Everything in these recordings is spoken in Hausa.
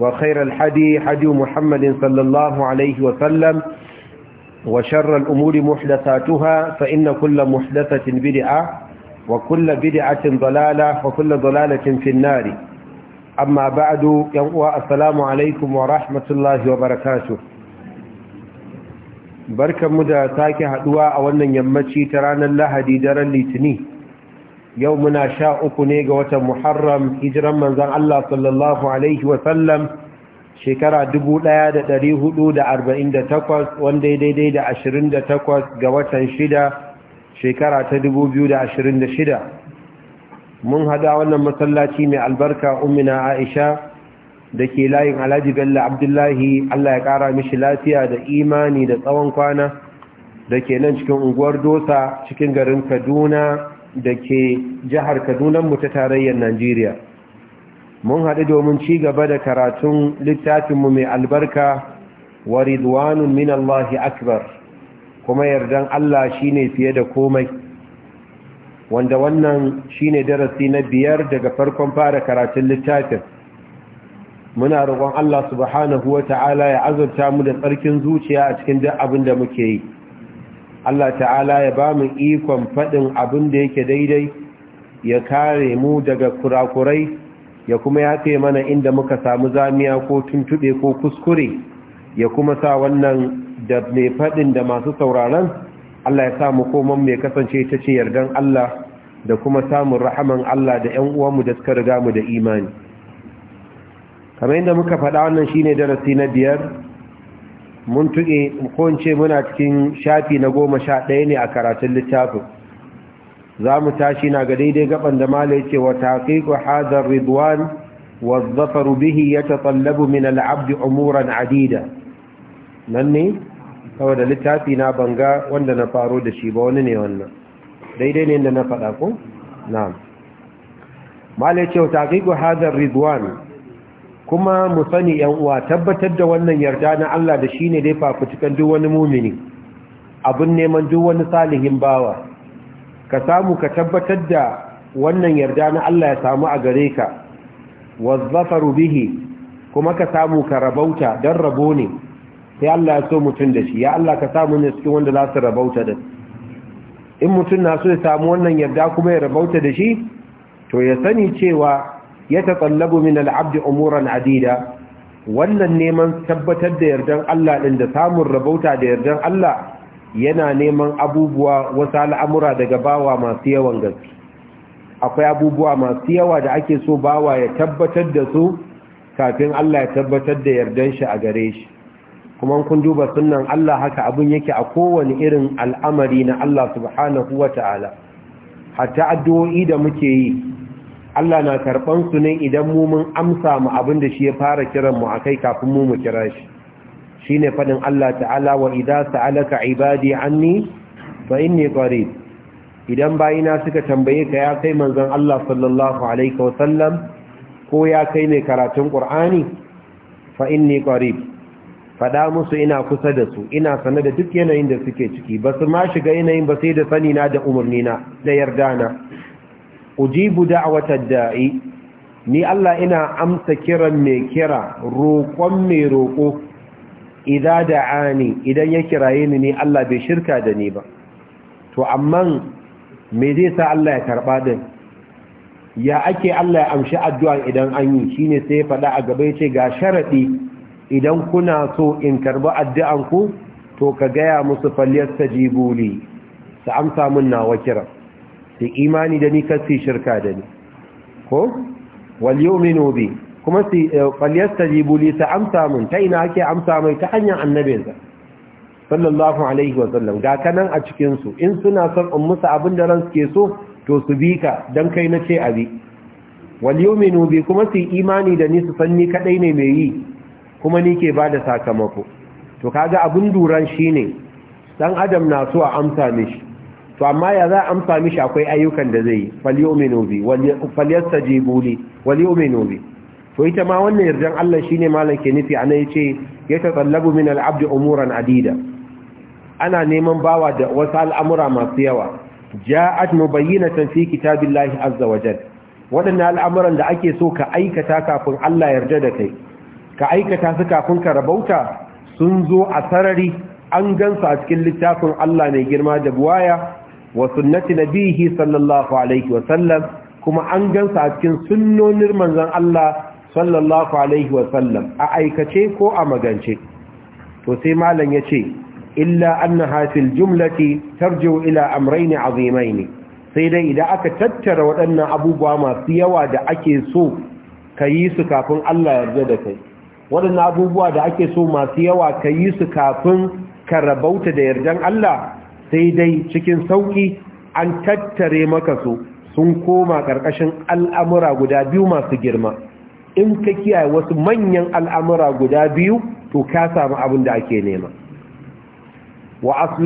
وخير الحدي حدي محمد صلى الله عليه وسلم وشر الأمور محدثاتها فإن كل محدثة بدعة وكل بدعة ضلالة وكل ضلالة في النار أما بعد يوم السلام عليكم ورحمة الله وبركاته بركة مدى ساكي هدواء وانا يمتشي ترانا الله دي درا لتنيه yau muna sha uku ne ga watan muharram hijiran manzan Allah sallallahu Alaihi wasallam shekara takwas, wanda ya daidai da ashirin da takwas ga watan shida shekara ta da shida. mun hada wannan masallaci mai albarka umina aisha da ke layin alhaji bello abdullahi Allah ya kara mishi lafiya da imani da tsawon kwana da ke nan cikin unguwar dosa cikin garin kaduna da ke jihar Kaduna mu ta tarayyar najeriya mun haɗu domin ci gaba da karatun littafinmu mai albarka wa ridwanun min Allahi akbar kuma yardan Allah shine fiye da komai wanda wannan shine darasi na biyar daga farkon fara karatun littafin muna roƙon Allah subhanahu wa ta'ala ya azurta mu da tsarkin zuciya a cikin duk abin da muke yi Allah ta'ala ya ba mu ikon faɗin abin da yake daidai ya kare mu daga kurakurai ya kuma ya ce mana inda muka samu zamiya ko tuntuɓe ko kuskure ya kuma sa wannan da mai faɗin da masu sauraron Allah ya sa mu koman mai kasance ta ce yardan Allah da kuma samun rahaman Allah da ‘yan uwanmu da suka riga mu da imani. kamar yadda muka faɗa wannan shine darasi na biyar mun tuɗe kowace muna cikin shafi na goma sha ɗaya ne a karatun littafin za mu tashi na ga daidai gaban da malai ce wa taƙiƙu hazar ridwan wa zafaru bihi ya tsallabu min al'abdi umuran adida nan ne kawai da littafi na banga wanda na faro da shi ba wani ne wannan daidai ne da na faɗa ko? na malai ce wa taƙiƙu hazar ridwan kuma mu sani yan uwa tabbatar da wannan yarda na Allah da shine dai fafutukan duk wani mumini abun neman duk wani salihin bawa ka samu ka tabbatar da wannan yarda na Allah ya samu a gare ka wazzafaru bihi kuma ka samu ka rabauta dan rabo ne sai Allah ya so mutun da shi ya Allah ka samu ne cikin wanda za su rabauta da in mutun na so ya samu wannan yarda kuma ya rabauta da shi to ya sani cewa ya taqallabu min al umuran adida wannan neman tabbatar da yardan Allah din da samun rabauta da yardan Allah yana neman abubuwa wasu al'amura daga bawa masu yawan gaske akwai abubuwa masu yawa da ake so bawa ya tabbatar da su kafin Allah ya tabbatar da yardan shi a gare shi kuma kun duba sunan Allah haka abun yake a kowane irin al'amari na Allah subhanahu wa ta'ala hatta addu'o'i da muke yi Allah na karɓan su ne idan mu mun amsa mu abin da shi ya fara kiran mu akai kafin mu mu kira shi shine fadin Allah ta'ala wa idza sa'alaka ibadi anni fa inni qarib idan bayina suka tambaye ka ya kai manzon Allah sallallahu alaihi ko ya kai ne karatun Qur'ani fa inni qarib fada musu ina kusa da su ina sanar da duk yanayin da suke ciki ba su ma shiga yanayin ba sai da sani na da umarnina na da yarda na ujibu da'watad da'i ni Allah ina amsa kiran mai kira roƙon mai roƙo idza da'ani idan ya kiraye ni ni Allah bai shirka da ni ba to amma me zai sa Allah ya karba din ya ake Allah ya amshi addu'a idan an yi shine sai ya faɗa a gaba yace ga sharadi idan kuna so in karbi ku, to ka gaya musu falyar ta jibuli amsa mun nawa kiran. su imani da ni kan su shirka da ni ko wal yu'minu bi kuma su falyastajibu eh, li ta amsa mun ta ina ake amsa mai ta hanyar annabinsa sallallahu alaihi wa sallam ga kanan a cikin su in suna son in musu abin da ran suke so to su bi ka dan kai na ce abi wal yu'minu bi kuma su imani da ni su san ni kadai ne mai yi kuma ni ke bada sakamako to kaga abin duran shine dan adam na so a amsa mishi to amma ya za amsa mishi akwai ayyukan da zai falyomino bi falyasta jibuli to ita ma wannan yardan Allah shine malam ke nufi ana yace ya tatallabu min al'abd umuran adida ana neman bawa da wasu al'amura masu yawa ja'at mubayyinatan fi kitabillahi azza wajal wadannan al'amuran da ake so ka aikata kafin Allah yarda da kai ka aikata su kafin ka rabauta sun zo a sarari an gansa a cikin littafin Allah mai girma da buwaya wa sunnati nabihi sallallahu alaihi wa sallam kuma an gansa a cikin sunnonin manzon Allah sallallahu alaihi wa sallam a aikace ko a magance to sai malam yace illa annaha fil jumlati tarji'u ila amrayn azimayn sai dai idan aka tattara waɗannan abubuwa masu yawa da ake so kayi su kafin Allah yarda da kai waɗannan abubuwa da ake so masu yawa kayi su kafin ka rabauta da yardan Allah sai dai cikin sauki an tattare maka su sun koma ƙarƙashin al'amura guda biyu masu girma in ka kiyaye wasu manyan al'amura guda biyu to ka samu abin da ake nema wa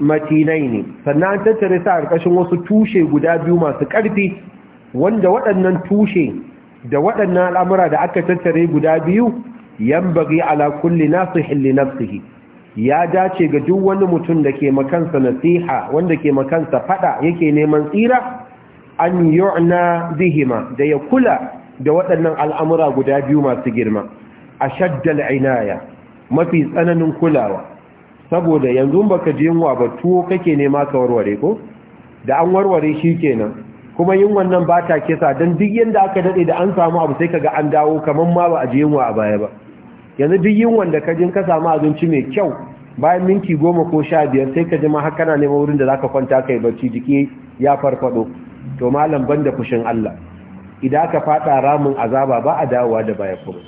matinai ne, sannan an tattare sa ƙarƙashin wasu tushe guda biyu masu ƙarfi wanda waɗannan tushe da waɗannan al'amura da aka tattare guda biyu yan bagi ala kulli nasu hilli nafsihi ya dace ga duk wani mutum da ke makansa nasiha wanda ke makansa fada yake neman tsira an yu'na bihima da ya kula da waɗannan al'amura guda biyu masu girma a shaddal mafi tsananin kulawa saboda yanzu baka je yunwa ba tuwo kake nema ka warware ko da an warware shi kenan kuma yin wannan ba ta kisa don duk yadda aka daɗe da an samu abu sai kaga an dawo kamar ma ba a je yunwa a baya ba yanzu duk yin wanda ka jin ka samu abinci mai kyau bayan minti goma ko sha biyar sai ka ji ma na na neman wurin da za ka kwanta ka yi barci jiki ya farfado to malam da fushin Allah idan ka fada ramin azaba ba a dawowa da baya kuma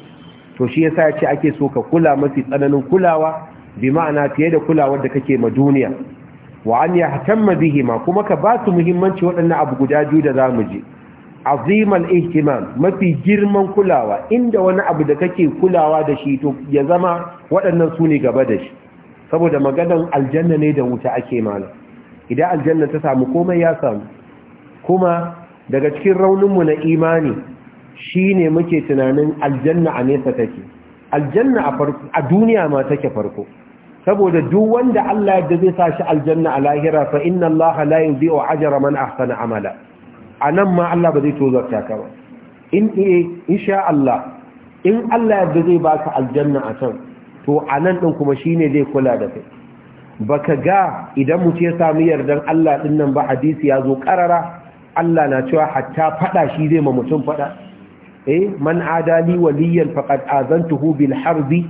to shi yasa yace ake so ka kula mafi tsananin kulawa bi ma'ana fiye da kulawar da kake ma duniya wa an hatamma bihi ma kuma ka ba su muhimmanci waɗannan abu guda biyu da za mu je azimal ihtimam mafi girman kulawa inda wani abu da kake kulawa da shi to ya zama waɗannan su ne gaba da shi saboda maganan aljanna ne da wuta ake mana idan aljanna ta samu komai ya samu kuma daga cikin rauninmu na imani shi ne muke tunanin aljanna a nesa take aljanna a duniya ma take farko saboda duk wanda Allah yadda zai sa shi aljanna a lahira fa inna Allah la yudhi'u ajra man ahsana amala a nan ma Allah ba zai tozarta ka ba in eh, insha Allah in Allah yadda zai baka aljanna a can to a nan ɗin kuma shine zai kula da kai baka ga idan mutum ya sami yardan Allah ɗin nan ba hadisi ya zo ƙarara Allah na cewa hatta faɗa shi zai ma mutum faɗa eh man adali waliyan faqad azantuhu bil harbi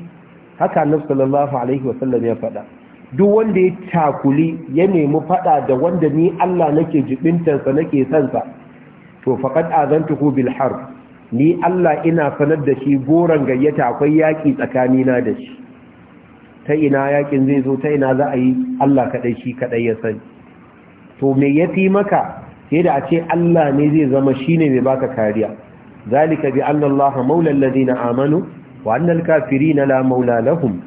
haka annabi sallallahu alaihi wasallam ya faɗa duk wanda ya takuli ya nemi faɗa da wanda ni Allah nake jibintar sa nake son sa to faqad azantuhu bil harb ni Allah ina sanar da shi goran gayyata akwai yaki tsakani na da shi ta ina yakin zai zo ta ina za a yi Allah kaɗai shi kaɗai ya sani to me fi maka sai da a ce Allah ne zai zama shine mai baka kariya zalika bi anna Allah maula alladhina amanu wa anna al-kafirina la maula lahum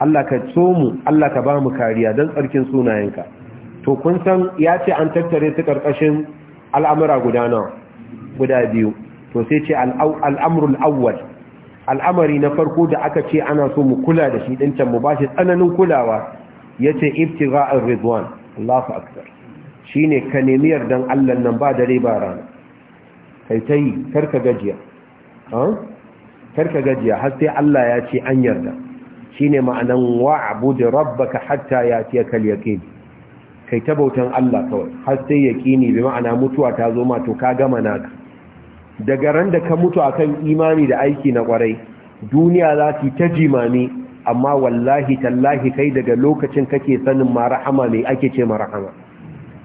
Allah ka so mu Allah ka ba mu kariya dan tsarkin sunayenka to kun san ya ce an tattare su karkashin al'amura guda nawa guda biyu to sai ce al'amrul awwal al'amari na farko da aka ce ana so mu kula da shi can mu ba shi tsananin kulawa ya ce ra'ar rizwan allahu akbar shi ne ka nemi yardan allan nan ba dare ba rana kai ta yi karka gajiya karka gajiya har sai allah ya ce an yarda shi ne ma'anan wa'abu da rabbaka hatta ya ce kal yaqin kai ta bautan Allah kawai har sai yaqini bi ma'ana mutuwa ta zo ma to ka gama naka daga ran da ka mutu akan imani da aiki na kwarai duniya za ta ta jimami amma wallahi tallahi kai daga lokacin kake sanin ma rahama ne ake ce ma rahama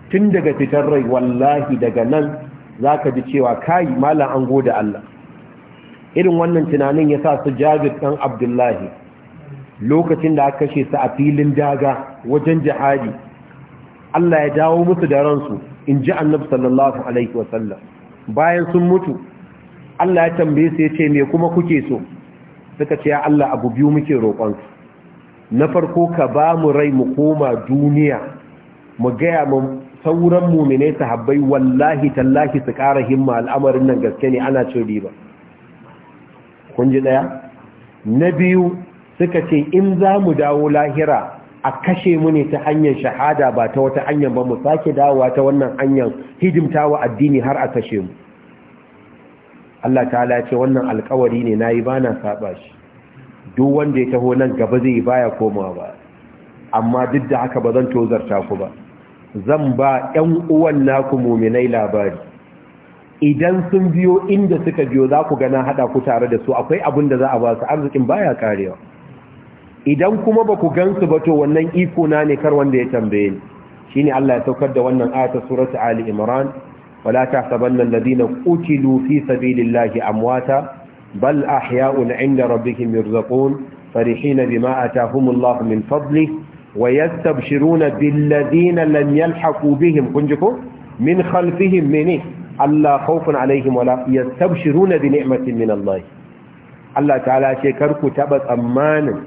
tun daga fitar rai wallahi daga nan zaka ji cewa kai malam an gode Allah irin wannan tunanin ya sa su jabir ɗan abdullahi lokacin da aka kashe su a filin daga wajen jihadi Allah ya dawo musu da ransu in ji annabi sallallahu alaihi wasallam bayan sun mutu Allah ya tambaye su yace ce me kuma kuke so suka ce ya Allah abu biyu muke roƙonsu na farko ka ba mu rai mu koma duniya mu gaya mu sauran mumine sahabbai wallahi tallahi su kara himma al'amarin nan gaske ne ana cin riba kun ji ɗaya na biyu suka ce in za mu dawo lahira a kashe mu ne ta hanyar shahada ba ta wata hanyar ba mu sake dawowa ta wannan hanyar hidimtawa addini har a kashe mu Allah ta'ala ce wannan alkawari ne na nayi bana saba shi duk wanda ya taho nan gaba zai baya komawa ba amma duk da haka ba zan tozarta ku ba zan ba 'yan uwan naku muminai labari idan sun biyo inda suka biyo za ku na haɗa ku tare da su akwai abin da za a ba su arzikin baya karewa idan kuma ba ku gansu ba to wannan iko na ne kar wanda ya tambaye ni shine Allah ya saukar da wannan ayata suratu Ali Imran wala tahsabanna alladhina qutilu fi sabilillahi amwata bal ahya'un 'inda rabbihim yurzaqun farihina bima atahumullahu min fadlihi ويستبشرون بالذين لم يلحقوا بهم كنجكو allah خلفهم من الله خوف عليهم ولا يستبشرون بنعمة Allah الله الله kar ku تبت tsammanin.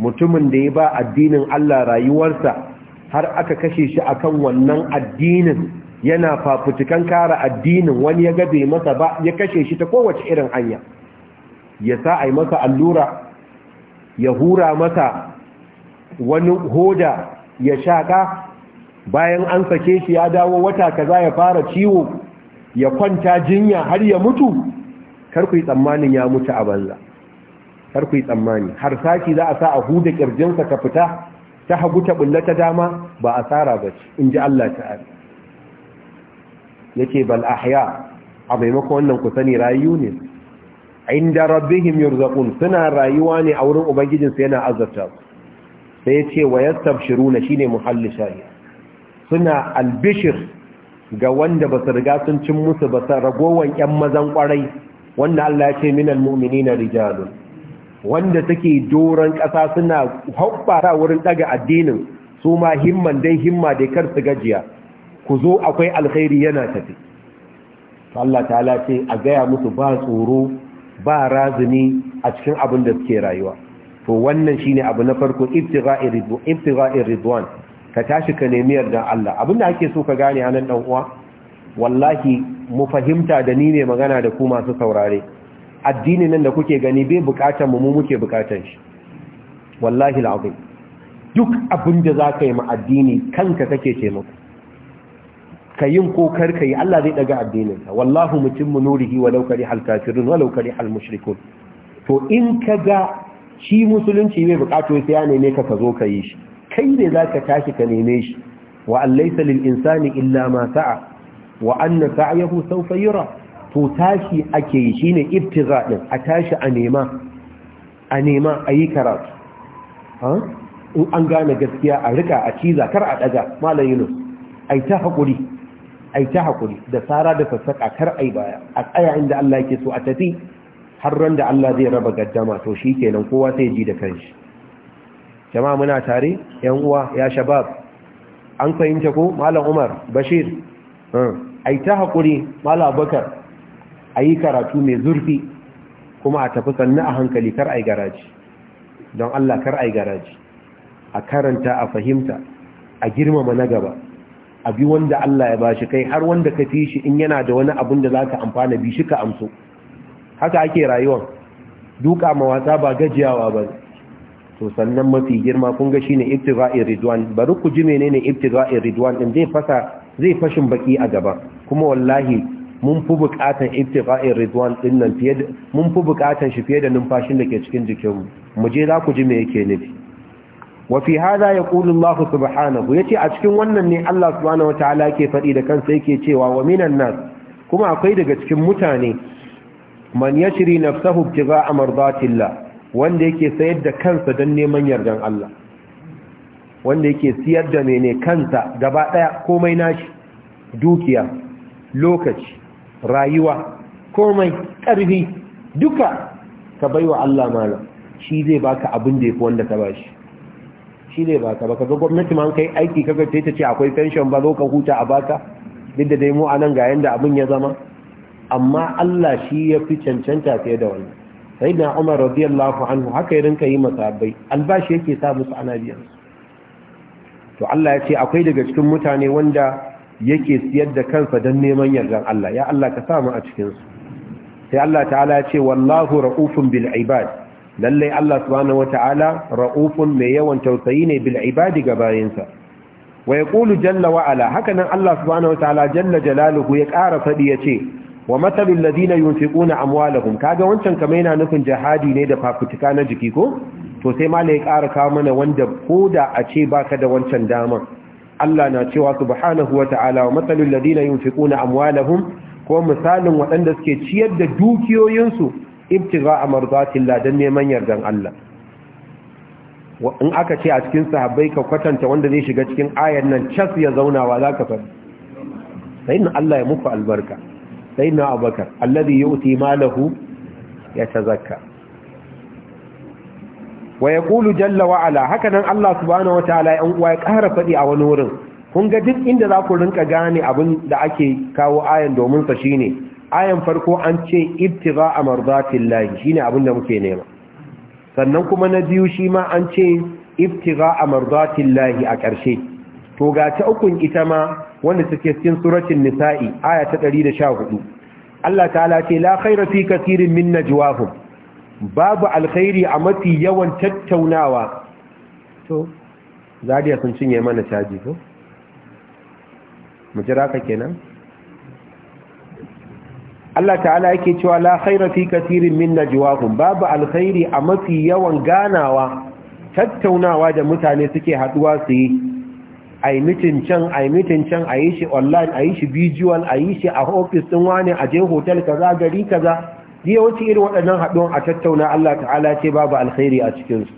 mutumin da ya ba addinin Allah rayuwarsa har aka kashe shi a kan wannan addinin yana fafutukan kara addinin wani ya gabe masa ba ya kashe shi ta kowace irin hanya ya sa a yi masa allura ya hura masa wani hoda ya shaƙa bayan an sake shi ya dawo wata kaza ya fara ciwo ya kwanta jinya har ya mutu kar yi tsammanin ya mutu a banza kar ku yi tsammani har saki za a sa a huda kirjinsa ka fita ta hagu ta bulla ta dama ba asara ba ce in ji Allah ta'ala yake bal ahya a maimakon wannan ku sani rayu ne inda rabbihim yurzaqun suna rayuwa ne a wurin ubangijin sa yana azabta sai ya ce wa yastabshiruna shine muhalli shahi suna albishir ga wanda ba su riga sun cin musu ba sa ragowan mazan kwarai wanda Allah ya ce minal mu'minina rijalun wanda take doron ƙasa suna hoɓɓara wurin ɗaga addinin su ma himman don himma da kar su gajiya ku zo akwai alkhairi yana tafi Allah ta'ala ce a gaya musu ba tsoro ba razumi a cikin abin da suke rayuwa to wannan shine abu na farko ibtigha'ir ridwan ka tashi ka nemi yardan Allah Abin da ake so ka gane hannun dan uwa wallahi mu fahimta da ni ne magana da ku masu saurare addini nan da kuke gani bai bukatar mu mu muke bukatar shi wallahi alazim duk abin da za yi ma addini kanka kake ce ka kayin kokar ka yi Allah zai daga addininsa wallahu mutimmu nurihi walau kari hal kafirun walau kari hal mushrikun to in ka ga shi musulunci bai bukatar sai ya neme ka ka zo ka yi shi kai ne zaka ka tashi ka neme shi wa allaysa lil insani illa ma sa'a wa anna sa'yahu sawfa yura to tashi ake yi shine ibtiza din a tashi a nema a nema a yi karatu in an gane gaskiya a rika a ciza kar a daga malam yunus ai ta hakuri ai ta hakuri da sara da sassaka kar ai baya a tsaya inda Allah yake so a tafi har ran da Allah zai raba gaddama to shi kenan kowa sai ji da kanshi jama'a muna tare yan uwa ya shabab an fahimta ko malam Umar Bashir ai ta hakuri malam Abubakar a yi karatu mai zurfi kuma a tafi sannu a hankali kar a yi garaji don Allah kar a yi garaji a karanta a fahimta a girmama na gaba a bi wanda Allah ya bashi kai har wanda ka fi shi in yana da wani abun da za ka amfana bi shi ka amso haka ake rayuwa, duka ma wasa ba gajiyawa ba to sannan mafi girma kun ga shine ibtigha'ir ridwan bari ku ji menene ibtigha'ir ridwan din zai fasa zai fashin baki a gaba kuma wallahi mun fi bukatan intifa'in rizwan din nan fiye da mun fi bukatan shi fiye da numfashin da ke cikin jikinmu mu je za ku ji me yake nufi wa fi hada yaqulu Allah subhanahu yace a cikin wannan ne Allah subhanahu wataala yake faɗi da kansa yake cewa wa minan nas kuma akwai daga cikin mutane man yashri nafsahu ibtigha'a mardatillah wanda yake sayar da kansa don neman yardan Allah wanda yake siyar da mene kansa gaba daya komai nashi dukiya lokaci rayuwa komai ƙarfi duka ka baiwa Allah malam shi zai baka abin da yake wanda ka bashi shi zai baka baka ga gwamnati ma kai aiki kaga sai ta ce akwai pension ba zo ka huta a baka duk dai mu anan ga yanda abin ya zama amma Allah shi ya fi cancanta fiye da wannan sai da Umar radiyallahu anhu haka ya rinka yi masabai albashi yake sa musu ana biyan to Allah ya ce akwai daga cikin mutane wanda yake siyar da kansa don neman yardan Allah ya Allah ka samu a cikinsu sai Allah ta'ala ya ce wallahu ra'ufun bil ibad lalle Allah subhanahu wata'ala ra'ufun mai yawan tausayi ne bil ibad ga bayinsa wa ya yaqulu jalla wa ala haka nan Allah subhanahu wata'ala jalla jalaluhu ya ƙara fadi ce, wa matalul ladina yunfiquna amwalahum kaga wancan kamar yana nufin jihadi ne da fafutuka na jiki ko to sai malai ya ƙara kawo mana wanda koda a ce baka da wancan damar Allah na cewa subhanahu wa ta'ala wa matsalin ladina yin fiƙuna amwalahun ko misalin waɗanda suke ciyar da dukiyoyinsu ibtiga a marzatin ladan neman yardan Allah in aka ce a cikin sahabbai ka kwatanta wanda zai shiga cikin ayar nan cas ya zaunawa za ka faɗi sai na Allah ya muku albarka sai na abakar alladhi yu'ti malahu ya tazakka wa yaqulu jalla wa ala haka nan Allah subhanahu ta'ala ya uwa ya ƙara faɗi a wani wurin kun ga duk inda za ku rinka gane abin da ake kawo ayan domin sa shine ayan farko an ce ibtigha'a mardatillahi shine abin da muke nema sannan kuma na biyu shi ma an ce ibtigha'a mardatillahi a ƙarshe to ga ta ukun ita ma wanda take cikin suratul nisa'i aya ta 114 Allah ta'ala ce la khayra fi kathirin min najwahum babu alkhairi a mafi yawan tattaunawa to zadiya sun cinye mana caji ko mu jira ka kenan Allah ta'ala yake cewa la khaira fi katirin min najwahum babu alkhairi a mafi yawan ganawa tattaunawa da mutane suke haduwa su yi ai mitin can ai mitin can ai shi online ai shi visual ai shi a office din wani a je hotel kaza gari kaza diya wacce irin waɗannan haɗuwan a tattauna Allah ta'ala ce babu alkhairi a cikinsu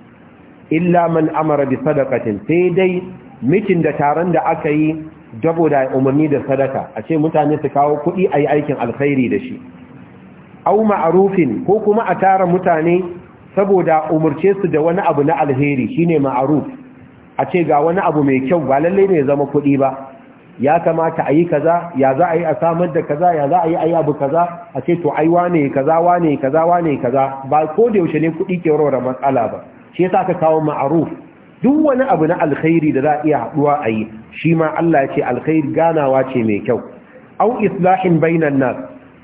illa man amara bi sadaqatin sai dai mitin da taron da aka yi dabo da umarni da sadaka a ce mutane su kawo kuɗi a yi aikin alkhairi da shi au ma'arufin ko kuma a tara mutane saboda umarce su da wani abu na alheri shine ma'aruf a ce ga wani abu mai kyau ba lallai ne zama kuɗi ba ya kamata a yi kaza ya za a yi a samar da kaza ya za a yi a abu kaza a ce to ai wane kaza wane kaza wane kaza ba ko da yaushe ne kuɗi ke warware matsala ba shi yasa ka kawo ma'aruf duk wani abu na alkhairi da za a iya haɗuwa a yi shi ma Allah ya ce alkhairi ganawa ce mai kyau au islahin bainan nas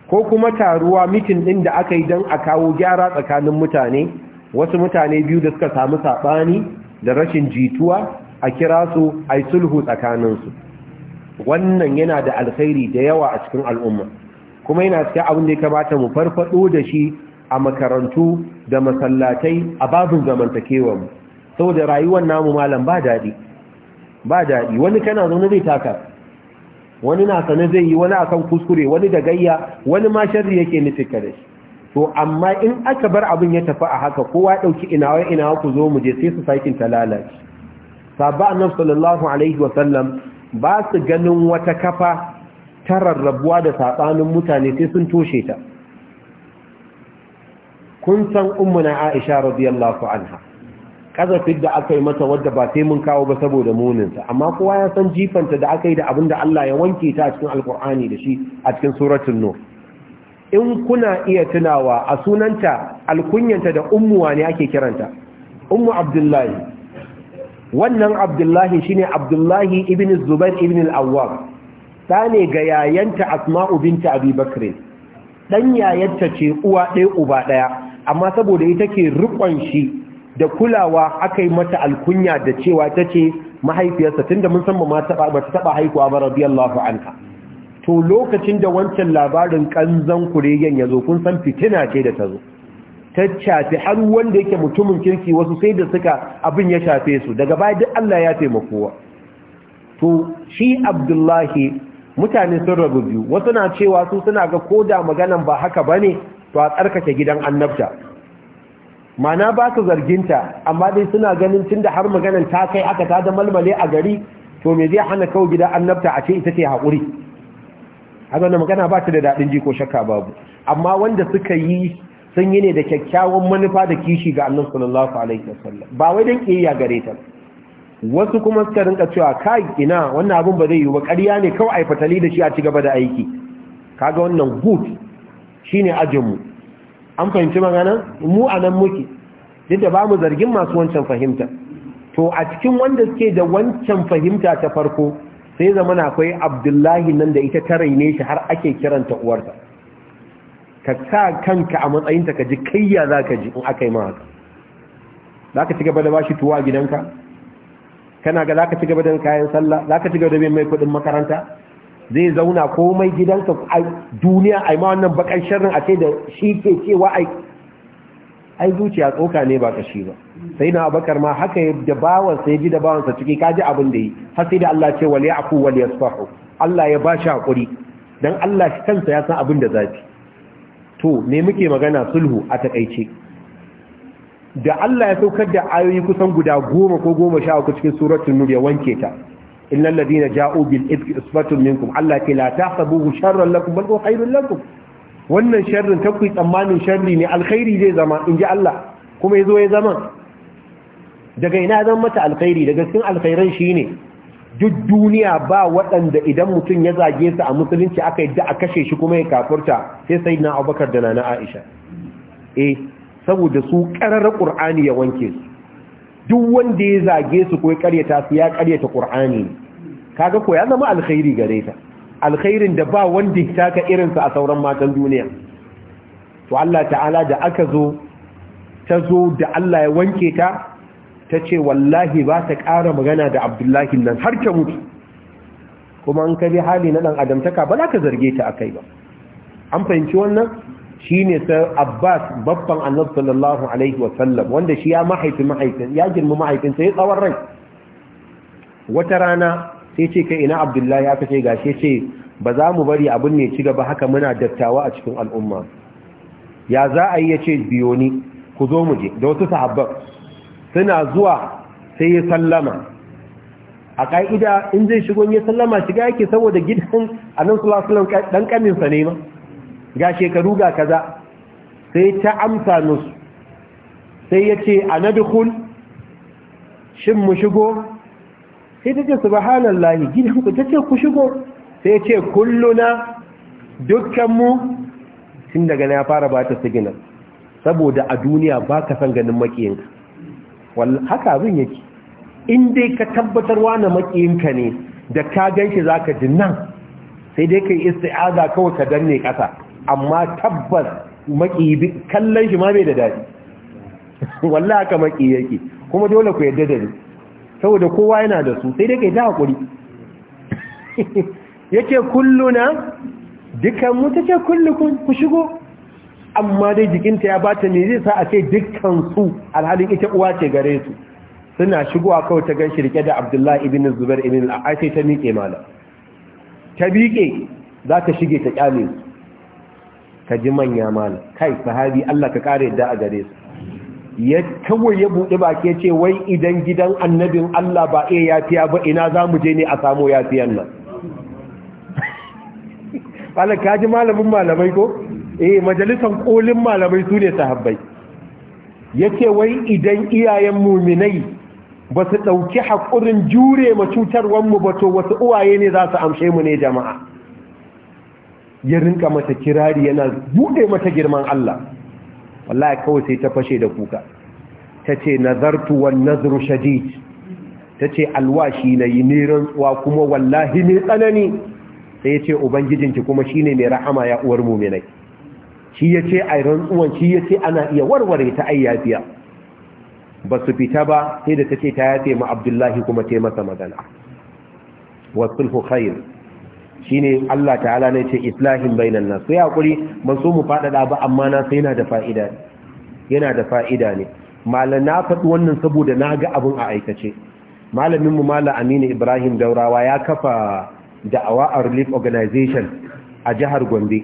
ko kuma taruwa mitin ɗin da aka yi dan a kawo gyara tsakanin mutane wasu mutane biyu da suka samu saɓani da rashin jituwa a kira su ai sulhu tsakanin su. wannan yana da alkhairi da yawa a cikin al'umma kuma yana cikin abin da ya kamata mu farfado da shi a makarantu da masallatai a babin zamantakewa mu saboda rayuwar namu malam ba daɗi ba daɗi wani kana zaune zai taka wani na sane zai yi wani akan kuskure wani da gayya wani ma sharri yake nufi kare shi to amma in aka bar abin ya tafi a haka kowa ya ɗauki inawa inawa ku zo mu je sai su sakin ta lalace sabba annabi sallallahu alaihi wa sallam ba su ganin wata kafa ta rarrabuwa da saɓanin mutane sai sun toshe ta kun san ummuna aisha radiyallahu anha ƙazafin da aka yi mata wadda ba sai mun kawo ba saboda muninsa amma kowa ya san jifanta da aka yi da abin da Allah ya wanke ta a cikin alkur'ani da shi a cikin suratun nur in kuna iya tunawa a sunanta alkunyanta da ummuwa ne ake kiranta ummu abdullahi wannan abdullahi shine abdullahi ibn zubair ibn al-awwam ta ne ga yayanta asma'u binta abi bakr dan yayanta ce uwa ɗaya uba ɗaya amma saboda ita ke riƙon shi da kulawa aka yi mata alkunya da cewa ta mahaifiyarsa tunda mun san ba ta taba haihuwa ba radiyallahu anha to lokacin da wancan labarin ƙanzan kuregen ya zo kun san fitina ce da ta zo ta shafi har wanda yake mutumin kirki wasu sai da suka abin ya shafe su daga baya duk Allah ya taimakowa to shi abdullahi mutane sun rabu biyu wasu na cewa su suna ga koda maganan ba haka bane to a tsarkake gidan annabta mana ba su zarginta amma dai suna ganin tunda har maganar ta kai aka ta da malmale a gari to me zai hana kawo gidan annabta a ce ita ce haƙuri haka magana ba ta da daɗin ji ko shakka babu amma wanda suka yi sun yi ne da kyakkyawan manufa da kishi ga annan sallallahu alaihi wasallam ba wai dan kiyaya gare ta wasu kuma suka rinka cewa kai ina wannan abun ba zai yi ba ƙarya ne kawai ai fatali da shi a ci gaba da aiki kaga wannan gut shine ajin mu an fahimci magana mu anan muke duk da bamu zargin masu wancan fahimta to a cikin wanda suke da wancan fahimta ta farko sai zamana akwai abdullahi nan da ita ta raine shi har ake kiranta uwarsa ka sa kanka a matsayinta ka ji kayya za ka ji in aka yi haka za ka ci gaba da bashi tuwa gidanka kana ga za ka ci gaba da kayan sallah za ka ci gaba da mai kudin makaranta zai zauna komai gidansa a duniya a ma wannan bakan shirin a ce da shi ke cewa ai zuciya tsoka ne ba kashi ba sai na abakar ma haka da bawansa ya ji da sa ciki kaji abin da yi har sai da Allah ce wal ya'fu wal yasfahu Allah ya ba shi hakuri dan Allah shi kansa ya san abin da zafi to me muke magana sulhu a takaice da Allah ya saukar da ayoyi kusan guda goma ko goma sha uku cikin suratul nur ya wanke ta innal ladina ja'u bil ifki isbatun minkum Allah ke la tahsabuhu sharran lakum bal huwa khairun lakum wannan sharrin taku tsammanin sharri ne alkhairi zai zama in ji Allah kuma yazo ya zama daga ina zan mata alkhairi daga cikin alkhairan shine duk duniya ba waɗanda idan mutum ya zage su a musulunci aka yi da a kashe shi kuma ya kafurta sai sai na abubakar da na aisha eh saboda su ƙararra ƙur'ani ya wanke su duk wanda ya zage su ko ya ƙaryata su ya ƙaryata ƙur'ani kaga ko ya zama alkhairi gare ta alkhairin da ba wanda ya taka irinsa a sauran matan duniya to Allah ta'ala da aka zo ta zo da Allah ya wanke ta ta ce wallahi ba ta ƙara magana da abdullahi nan har ta mutu kuma an kari hali na ɗan adamtaka ba za ka zarge ta a kai ba an fahimci wannan shi ne sir abbas babban annabi sallallahu alaihi wasallam wanda shi ya mahaifi mahaifin ya girma mahaifinsa ya tsawon rai wata rana sai ce ka ina abdullahi aka ce shi ce ba za mu bari abin ne ci gaba haka muna dattawa a cikin al'umma ya za a yi ya ce biyo ni ku zo mu je da wasu sahabban suna zuwa sai ya sallama a ƙa'ida in zai shigo ya sallama shiga yake saboda gidan annan sulasulan ɗan ƙaminsa ne ma ga shekaru ga kaza sai ta amsa musu sai ya ce a na dukul shin mu shigo sai ta ce subhanallahi gidanku ta ce ku shigo sai ya ce kulluna dukkanmu tun daga na ya fara ba ta gina? saboda a duniya ba ka san ganin makiyinka haka abin yake in dai ka tabbatar wani makiyinka ne da ka ganshi za ka ji nan sai dai ka yi isti'aza kawai ka danne ƙasa amma tabbas makiyi kallon shi ma bai da daɗi walla haka makiyi yake kuma dole ku yadda da ni saboda kowa yana da su sai dai ka yi ta haƙuri yake kulluna dukan mu ta ce kullukun ku shigo amma dai jikinta ya ta ne zai sa a ce dukkan su alhalin ita uwa ce gare su suna shigowa kawai ta ganshi shirke da Abdullahi ibn Zubair ibn al sai ta miƙe mala ta miƙe za ta shige ta kyale su ka ji manya mala kai sahabi Allah ka kare yadda a gare su ya kawai ya buɗe baki ya ce wai idan gidan annabin Allah ba iya yafiya ba ina za mu je ne a samu yafiyan nan. Bala ka ji malamin malamai ko? eh majalisan kolin malamai su ne sahabbai yace wai idan iyayen muminai ba su ɗauki haƙurin jure ma cutarwanmu ba to wasu uwaye ne za su amshe mu ne jama'a ya rinka mata kirari yana buɗe mata girman Allah wallahi kawai sai ta fashe da kuka ta ce nazartu wan nazru shadid ta ce alwashi na yi ne rantsuwa kuma wallahi ne tsanani sai ya ce ubangijinki kuma shine mai rahama ya uwar muminai shi ya ce a rantsuwan shi ya ce ana iya warware ta ayyafiya ba su fita ba sai da ta ce ta yafe ma abdullahi kuma ce masa magana wasulhu shi ne Allah ta'ala na ce islahin bainan na. sai hakuri ba so mu faɗaɗa ba amma na sai yana da fa'ida yana da fa'ida ne Malam na faɗi wannan saboda na ga abin a aikace Malaminmu mu mala Aminu Ibrahim Daurawa ya kafa da'awa a relief organization a jihar Gombe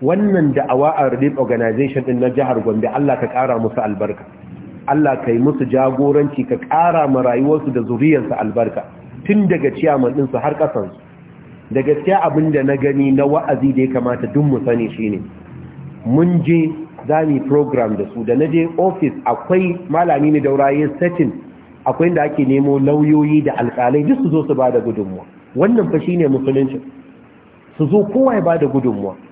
wannan da a relief organization din na jihar Gombe Allah ka ƙara musu albarka Allah ka yi musu jagoranci ka ƙara ma rayuwarsu da zuriyarsu albarka tun daga ciyaman ɗinsu har ƙasansu da gaskiya abin da na gani na wa'azi da ya kamata duk mu sani shi ne. mun je zami program da su da na je ofis akwai malami ne dauraye setting akwai da ake nemo lauyoyi da alƙalai duk su zo su ba da gudunmuwa wannan fa shine musulunci su zo kowa ya da gudunmuwa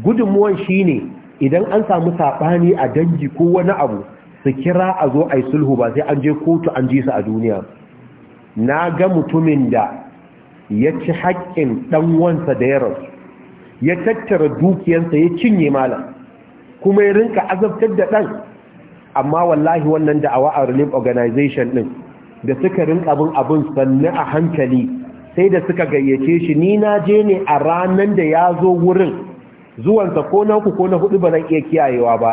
gudunmuwan ne idan an samu saɓani a dangi ko wani abu su kira a zo a yi sulhu ba sai an je kotu an ji su a duniya na ga mutumin da ya ci haƙƙin ɗanwansa da ya rasu ya tattara dukiyansa ya cinye malam kuma ya rinka azabtar da ɗan amma wallahi wannan da a relief organization ɗin da suka rinka bin abin sannu a hankali sai da suka gayyace shi ni na je ne a ranar da ya zo wurin zuwansa ko na uku ko na hudu ba zan iya kiyayewa ba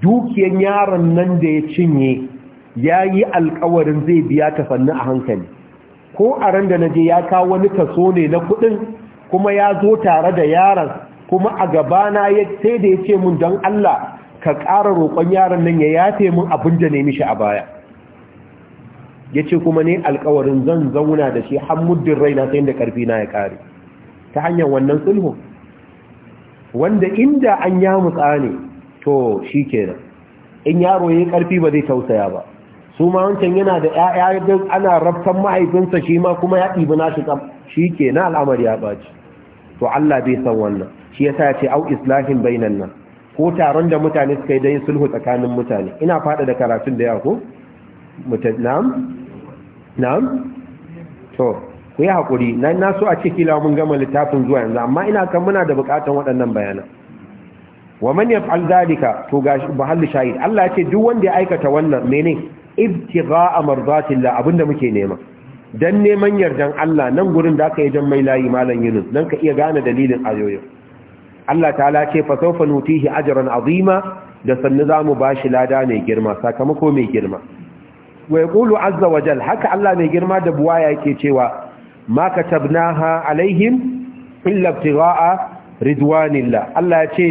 dukiyan yaron nan da ya cinye ya yi alkawarin zai biya ta sannu a hankali ko a ran da na je ya kawo wani kaso ne na kudin kuma ya zo tare da yaron kuma a gabana ya sai da ya ce mun don Allah ka ƙara roƙon yaron nan ya yafe mun abin da ne mishi a baya ya ce kuma ne alkawarin zan zauna da shi har muddin raina sai da ƙarfi na ya ƙare ta hanyar wannan sulhu wanda inda an ya mutsa ne to shi kenan in yaro ya yi ƙarfi ba zai tausaya ba su ma wancan yana da ‘ya'ya yi ana rabtan mahaifinsa shi ma kuma ya ɗibi shi tsam shi ke na al'amari ya ɓaci to Allah bai san wannan shi ya sa ya ce au islahin bainan nan ko taron da mutane suka yi don sulhu tsakanin mutane ina faɗa da karatun da yaku nam nam to ku yi haƙuri na na so a ciki la mun gama littafin zuwa yanzu amma ina kan muna da buƙatan waɗannan bayanan wa man yaf'al zalika to gashi shahid Allah ya ce duk wanda ya aikata wannan mene ibtigha'a mardatillah abinda muke nema dan neman yardan Allah nan gurin da aka yi jan mai layi malam Yunus dan ka iya gane dalilin ayoyo. Allah ta'ala ce fa sawfa nutihi ajran azima da sannu zamu bashi lada mai girma sakamako mai girma wa yaqulu azza wajal haka Allah mai girma da buwaya yake cewa ma katabnaha alaihim illa ibtigha'a ridwanillah Allah ya ce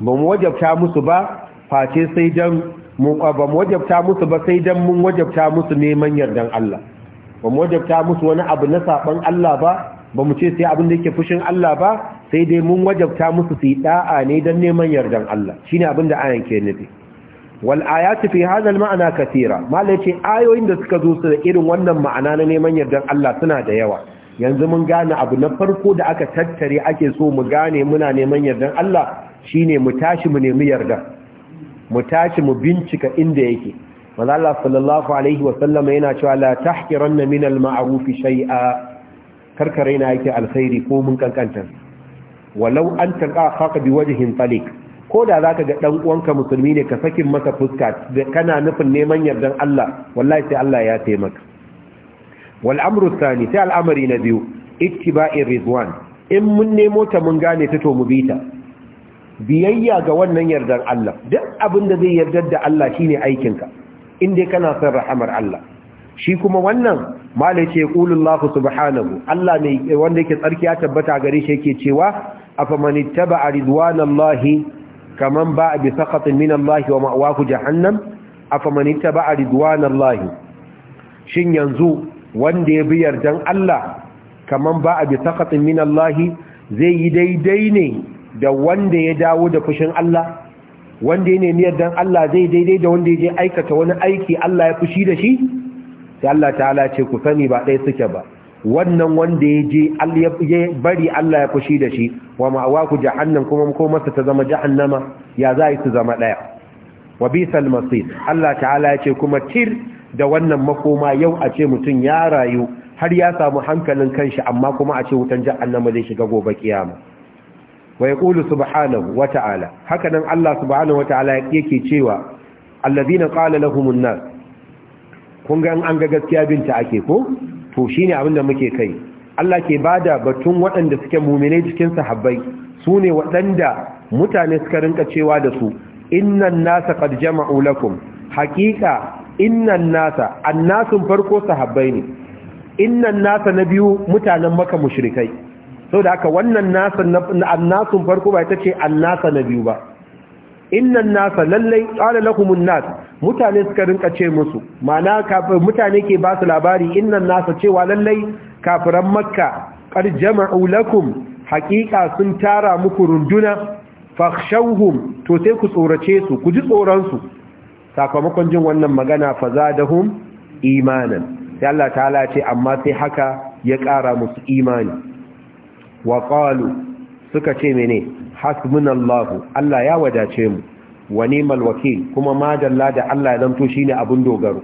ba mu wajabta musu ba face sai dan mu ba mu wajabta musu ba sai dan mun wajabta musu neman yardan Allah ba mu wajabta musu wani abu na saban Allah ba ba mu ce sai abin da yake fushin Allah ba sai dai mun wajabta musu su yi da'a ne dan neman yardan Allah shine abin da ayan ke nufi wal ayatu fi hadha al ma'na kathira malaci ayoyin da suka zo su da irin wannan ma'ana na neman yardan Allah suna da yawa yanzu mun gane abu na farko da aka tattare ake so mu gane muna neman yarda Allah shine mu tashi mu nemi yardan mu tashi mu bincika inda yake manzo alaihi wa sallam yana cewa la tahqiranna min al ma'ruf shay'a yake alkhairi ko mun kankanta walau an taqa khaqa bi wajhin taliq ko da ka ga dan uwanka musulmi ne ka sakin masa fuska kana nufin neman yardan Allah wallahi sai Allah ya taimaka wal amru thani sai al'amari na biyu ittiba'i rizwan in mun nemo ta mun gane ta to mu bi ta biyayya ga wannan yardan Allah duk abin da zai yarda da Allah shine aikinka in dai kana son rahamar Allah shi kuma wannan mala ce kulullahu subhanahu Allah ne wanda yake tsarki ya tabbata gare shi yake cewa afaman ittaba ridwanallahi kaman ba bi saqatin min Allah wa ma'wahu jahannam afaman ittaba ridwanallahi shin yanzu wanda ya bi yardan Allah kaman ba bi saqatin min Allah zai yi daidai ne da wanda ya dawo da fushin Allah wanda ya nemi yardan Allah zai daidai da wanda ya je aikata wani aiki Allah ya fushi da shi sai Allah ta'ala ce ku sani ba ɗaya suke ba wannan wanda ya je bari Allah ya kushi da shi wa ku jahannam kuma ko ta zama jahannama ya za su zama ɗaya? wa bisal masir Allah ta'ala ya ce kuma tir da wannan makoma yau a ce mutum ya rayu har ya samu hankalin kanshi amma kuma a ce wutan jahannama zai shiga gobe kiyama wa yaqulu subhanahu wa ta'ala haka nan Allah subhanahu wa ta'ala yake cewa allazina qala lahumun nas kun ga an ga gaskiya binta ake ko to shine abin da muke kai Allah ke bada batun waɗanda suke muminai cikin sahabbai su ne waɗanda mutane suka rinka cewa da su innan nasa qad jama'u lakum haƙiƙa innan nasa annasun farko sahabbai ne innan nasa na biyu mutanen maka mushrikai sau da haka wannan nasa annasun farko ba ita ce annasa na biyu ba innan nasa lallai qala lakumun nas mutane suka rinka ce musu mana mutane ke ba su labari innan nasa cewa lallai kafiran makka kar jama'u lakum haƙiƙa sun tara muku runduna fakhshawhum to sai ku tsorace su ku ji tsoron su sakamakon jin wannan magana fazadahum imanan sai Allah ta'ala ce amma sai haka ya ƙara musu imani wa qalu suka ce mene hasbunallahu Allah ya wadace mu wa ni'mal wakil kuma madalla da Allah ya zanto shine abun dogaro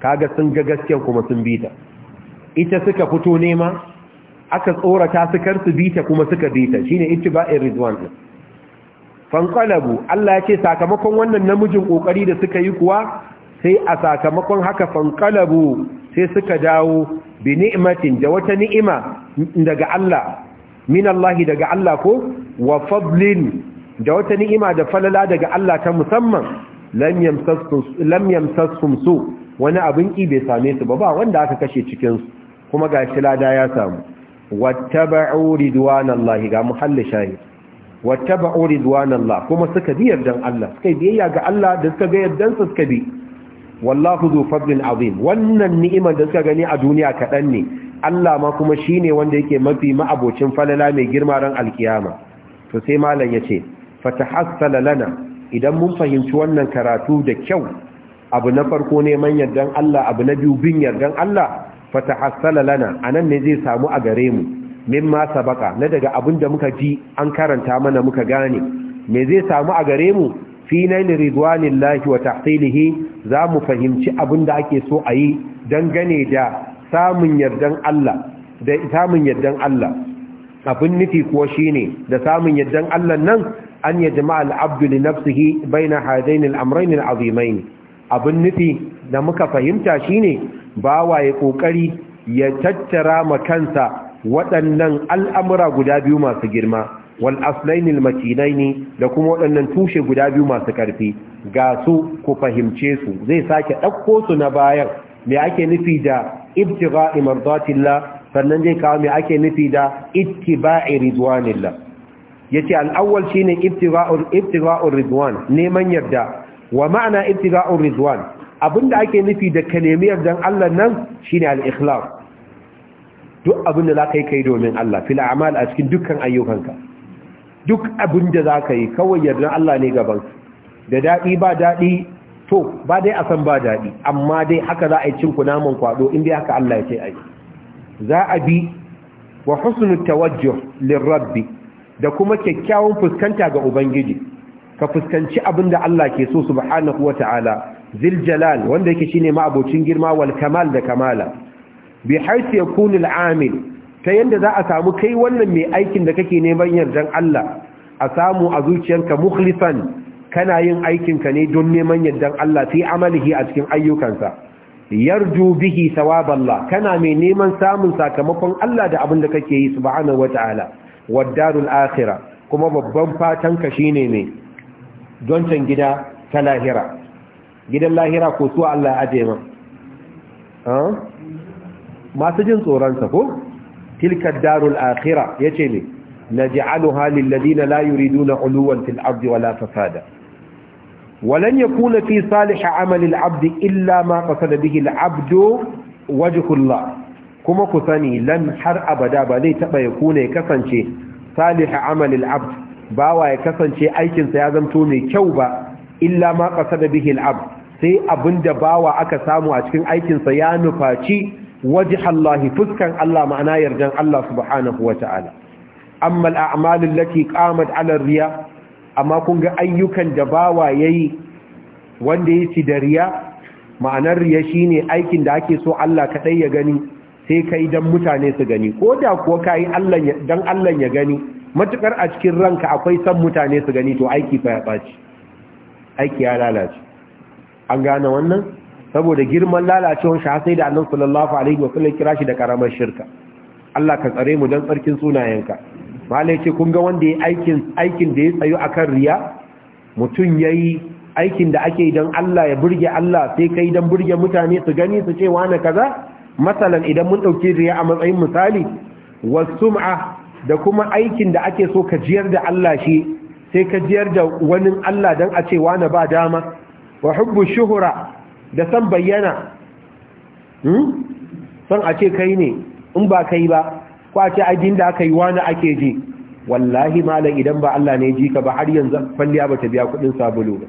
kaga sun ga gaskiya kuma sun bita ita suka fito nema aka tsorata su kar su bita kuma suka bita shine ittiba'ir ridwan qalabu Allah ya ce sakamakon wannan namijin kokari da suka yi kuwa sai a sakamakon haka qalabu sai suka dawo bi ni'matin da wata ni'ima daga Allah min Allah daga Allah ko wa fadlin da wata ni'ima da falala daga Allah ta musamman lam yamsassum su wani abin ki bai same su ba ba wanda aka kashe cikin su kuma shi lada ya samu wattaba'u ridwanallahi ga muhalli shahid wattaba'u ridwanallahi kuma suka bi yardan Allah suka biyayya ga Allah da suka ga yardan sa suka bi wallahu zu fadlin azim wannan ni'imar da suka gani a duniya kaɗan ne Allah ma kuma shine wanda yake mafi ma'abocin falala mai girma ran alkiyama to sai malam ce. fatahassala lana idan mun fahimci wannan karatu da kyau abu na farko neman yardan Allah abu na biyu bin yardan Allah fatahassala lana anan ne zai samu a gare mu mimma sabaka na daga abin da muka ji an karanta mana muka gane me zai samu a gare mu fi nail ridwanillahi wa tahsilihi za mu fahimci abin da ake so a yi gane da samun yardan Allah da samun yardan Allah abin nufi kuwa shine da samun yardan Allah nan an ya jama'a al'abdu li nafsihi baina hadain al'amrain ne abin nufi da muka fahimta shine wa ya ƙoƙari ya tattara ma kansa waɗannan al'amura guda biyu masu girma wal aslainil ne da kuma waɗannan tushe guda biyu masu ƙarfi ga su ku fahimce su zai sake ɗauko su na bayan me ake nufi da ibtigha'i mardatillah sannan zai kawo me ake nufi da ittiba'i yace ce awwal shine ibtigha'ur ibtigha'ur ridwan neman yarda wa ma'ana ibtigha'ur ridwan abinda ake nufi da ka nemi yardan Allah nan shine al-ikhlas duk abinda zaka yi kai domin Allah fil a'mal a cikin dukkan ayyukanka duk abinda zaka yi kawai yardan Allah ne gaban da daɗi ba daɗi to ba dai a san ba daɗi, amma dai haka za a yi cinku naman kwaɗo, in dai haka Allah ya ce yi, za a bi wa husnul tawajjuh lirabbi da kuma kyakkyawan fuskanta ga ubangiji ka fuskanci abin da Allah ke so subhanahu Ziljalal zil jalal wanda yake ne ma'abocin girma wal kamal da kamala bi haythu yakunu al ta yadda za a samu kai wannan mai aikin da kake neman yardan Allah a samu a zuciyarka mukhlisan kana yin aikinka ne don neman yardan Allah sai amalihi a cikin ayyukansa yarju bihi sawaballah kana mai neman samun sakamakon Allah da abin da kake yi subhanahu waddarul akhirah kuma babban fatan ka shine ne don can gida ta lahira gidan lahira ko su Allah ya aje ma masu jin sa ko tilka darul akhirah yace ne naj'aluha lil ladina la yuriduna uluwan fil ardi wala fasada ولن يكون في صالح عمل العبد إلا ما قصد به العبد وجه الله kuma ku sani lan har abada ba zai taba ya kuna ya kasance salihu amalil abd wa ya kasance aikinsa ya zamto mai kyau ba illa ma qasada bihi al abd sai abin abinda bawa aka samu a cikin aikinsa ya nufaci wajhallahi fuskan Allah ma'ana yardan Allah subhanahu wa ta'ala. amma al a'malu allati qamat ala riya amma kun ga ayyukan da bawa yayi wanda yake da riya ma'anar riya shine aikin da ake so Allah kaɗai ya gani sai kai don mutane su gani ko da kuwa ka yi don allon ya gani matukar a cikin ranka akwai son mutane su gani to aiki fa ya ɓaci, aiki ya lalace an gane wannan saboda girman lalacewar shi sai da annan sallallahu alaihi wa sallam kira shi da karamar shirka Allah ka tsare mu don tsarkin sunayenka malai ce kun ga wanda ya aikin aikin da ya tsayo kan riya ya yayi aikin da ake don Allah ya burge Allah sai kai don burge mutane su gani su ce wani kaza masalan idan mun ɗauki riya a matsayin misali wasum'a da kuma aikin da ake so ka jiyar da Allah shi sai ka jiyar da wani Allah don a ce wani ba dama wa hubbu shuhura da san bayyana hmm? san a ce kai ne in ba kai ba ko a ce ajin da aka yi wani ake ji wallahi malam idan ba Allah ne ji ka ba har yanzu falliya ba ta biya kuɗin sabulu ba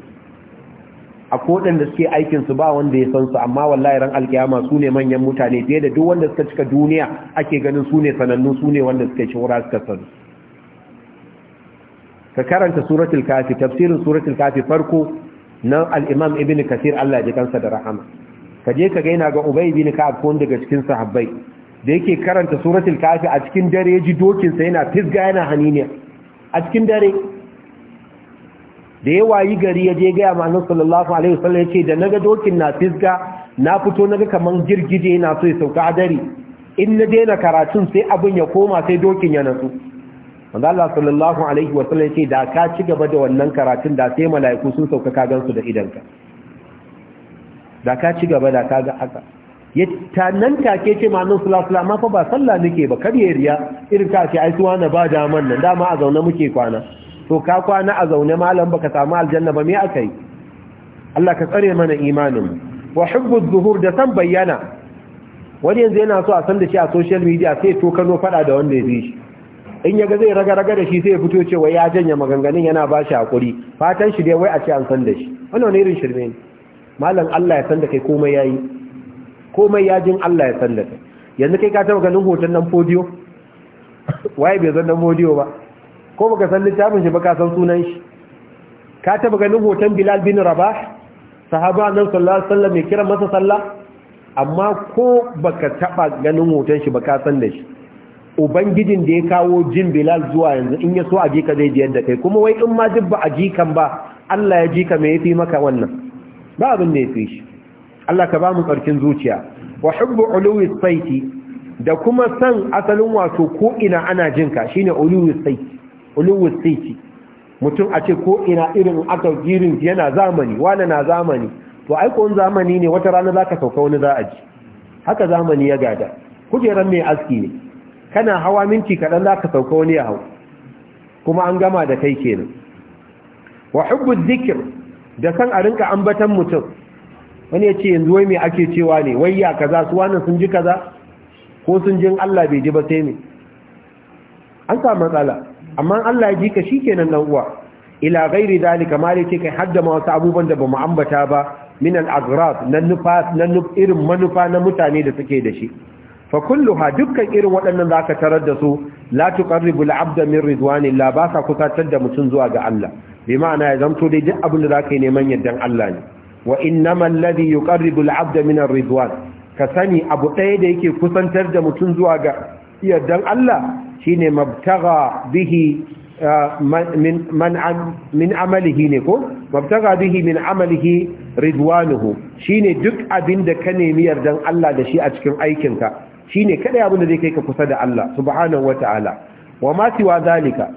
a kodan da suke aikin su ba wanda ya san su amma wallahi ran alkiyama su ne manyan mutane fiye da duk wanda suka cika duniya ake ganin su ne sanannu su ne wanda suka shura suka san ka karanta suratul kafi tafsirin suratul kafi farko na al-imam ibnu kasir Allah ya kansa da rahama ka je ka ga ina ga ubay ibn ka'ab ko daga cikin sahabbai da yake karanta suratul kafi a cikin dare ya ji dokin sa yana fisga yana haniniya a cikin dare da ya wayi gari ya je gaya ma'anar sallallahu alaihi wasallam ya ce da naga dokin na fisga na fito na ga kaman girgije yana so ya sauka a dare in na daina karatun sai abin ya koma sai dokin ya natsu wanda Allah sallallahu alaihi wasallam ya ce da ka ci gaba da wannan karatun da sai mala'iku sun sauka ka gansu da idanka da ka ci gaba da ka ga haka ya nan take ce ma'anar sallallahu alaihi wasallam fa ba sallah nake ba kar ya riya irin ka ce ai suwa na ba man nan dama a zaune muke kwana to ka kwana a zaune malam baka samu aljanna ba me aka yi Allah ka tsare mana imanin wa hubbu zuhur da san bayyana wani yanzu yana so a san da shi a social media sai to kano fada da wanda ya bi shi in yaga zai raga raga da shi sai ya fito cewa ya janya maganganun yana ba shi hakuri fatan shi dai wai a ce an san da shi wannan ne irin shirme ne malam Allah ya san da kai komai yayi komai ya jin Allah ya san da kai yanzu kai ka taba ganin hoton nan fodiyo waye bai zan nan fodiyo ba ko baka san littafin shi baka san sunan shi ka taba ganin hoton Bilal bin Rabah sahaba nan sallallahu alaihi wasallam ya kira masa sallah amma ko baka taba ganin hoton shi baka san da shi ubangijin da ya kawo jin Bilal zuwa yanzu in ya so a jika zai jiyar da kai kuma wai in ma duk ba a jikan ba Allah ya jika me yafi maka wannan ba abin da yafi shi Allah ka ba mu karkin zuciya wa hubbu uluwi saiti da kuma san asalin wato ko ina ana jinka shine uluwi saiti uluwus siti mutum a ce ko ina irin aka girin yana zamani wani na zamani to ai ko zamani ne wata rana zaka sauka wani za a ji haka zamani ya gada kujeran mai aski ne kana hawa minti kaɗan zaka sauka wani ya hau kuma an gama da kai kenan wa hubbu zikir da san a rinka ambatan mutum wani ya ce yanzu wai me ake cewa ne wai ya kaza su wannan sun ji kaza ko sun jin Allah bai ji ba sai me an samu matsala amma Allah ya ji ka shikenan dan uwa ila gairi zalika ma ce kai hadda ma wasu abubuwan da bamu ambata ba min al-aghrab nan nufa nan irin manufa na mutane da suke da shi fa kulluha dukkan irin waɗannan zaka tarar da su la tuqarribu al-abda min ridwanillah ba sa kusatar da mutum zuwa ga Allah bi ma'ana ya zanto dai duk abin da zaka yi neman yardan Allah ne wa innamal ladhi yuqarribu al-abda min ar-ridwan ka sani abu ɗaya da yake kusantar da mutum zuwa ga yardan Allah shine mabtaga bihi uh, min amalihi ne ko mabtaga bihi min amalihi ridwanuhu shine duk abinda ka nemi yardan Allah da shi a cikin aikinka shine kada abin da zai kai ka kusa da Allah subhanahu wataala wa ma siwa zalika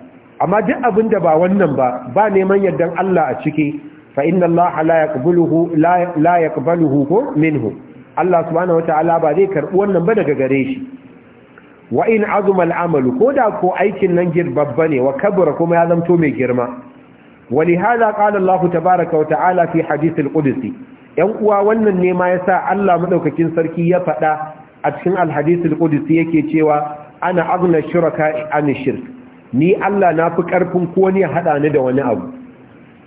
amma duk abin da ba wannan ba ba neman yardan Allah a ciki fa inna Allah la yaqbaluhu la yaqbaluhu minhu Allah subhanahu wataala ba zai karbi wannan ba daga gare shi wa in azuma al'amalu ko da ko aikin nan girbabba ne wa kabura kuma ya zamto mai girma Wani hada qala Allah baraka wa ta'ala fi hadisul al yan uwa wannan ne ma yasa Allah madaukakin sarki ya faɗa a cikin alhadisul hadith yake cewa ana aghna shuraka an shirk ni Allah na fi karfin ko ne hada ni da wani abu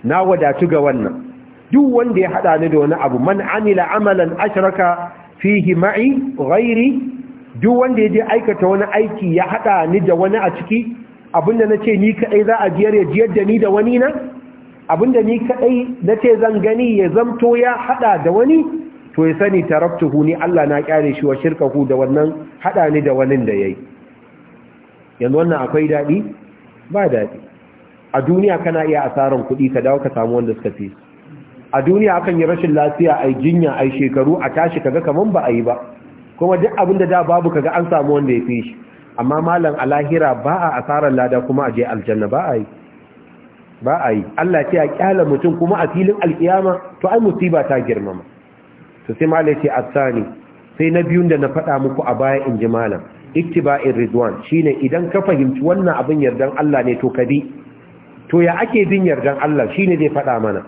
na wadatu ga wannan duk wanda ya hada ni da wani abu man amila amalan ashraka fihi ma'i ghairi duk wanda ya je aikata wani aiki ya hada ni da wani a ciki abinda na ce ni kadai za a jiyar ya jiyar da ni da wani na abinda ni kadai na ce zan gani ya zamto ya haɗa da wani to ya sani taraktuhu ni Allah na kyare shi wa shirka ku da wannan hada ni da wani da yayi yanzu wannan akwai dadi ba dadi a duniya kana iya asaran kuɗi ka dawo ka samu wanda suka fi a duniya akan yi rashin lafiya ai jinya ai shekaru a tashi kaga kaman ba a yi ba kuma duk abin da da babu kaga an samu wanda ya fi shi amma malam a lahira ba a asarar lada kuma a je aljanna ba a yi ba a yi Allah ce a kyala mutum kuma a filin alkiyama to ai musiba ta girmama to sai malai ce asani sai na biyun da na faɗa muku a baya in ji malam ittiba'ir ridwan shine idan ka fahimci wannan abin yardan Allah ne to bi. to ya ake bin yardan Allah shine zai faɗa mana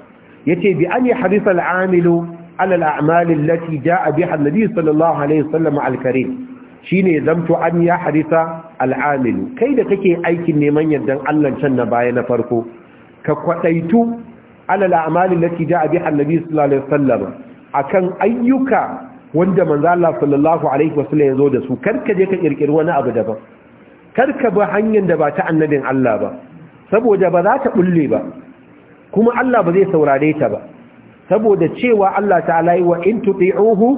yace bi an yahrisa al'amilu alal a'malin lati ja'a biha annabi sallallahu alaihi wasallam al-karim shine zamto an ya hadisa al'amilu kai da kake aikin neman yardan Allah can na baya na farko ka kwadaitu alal a'malin lati ja'a biha annabi sallallahu alaihi wasallam akan ayyuka wanda manzo Allah sallallahu alaihi wasallam ya zo da su karka je ka ƙirƙiri wani abu daban ka bi hanyar da ba ta annabin Allah ba saboda ba za ta bulle ba kuma Allah ba zai saurare ta ba saboda cewa Allah ta'ala yi wa in tuti'uhu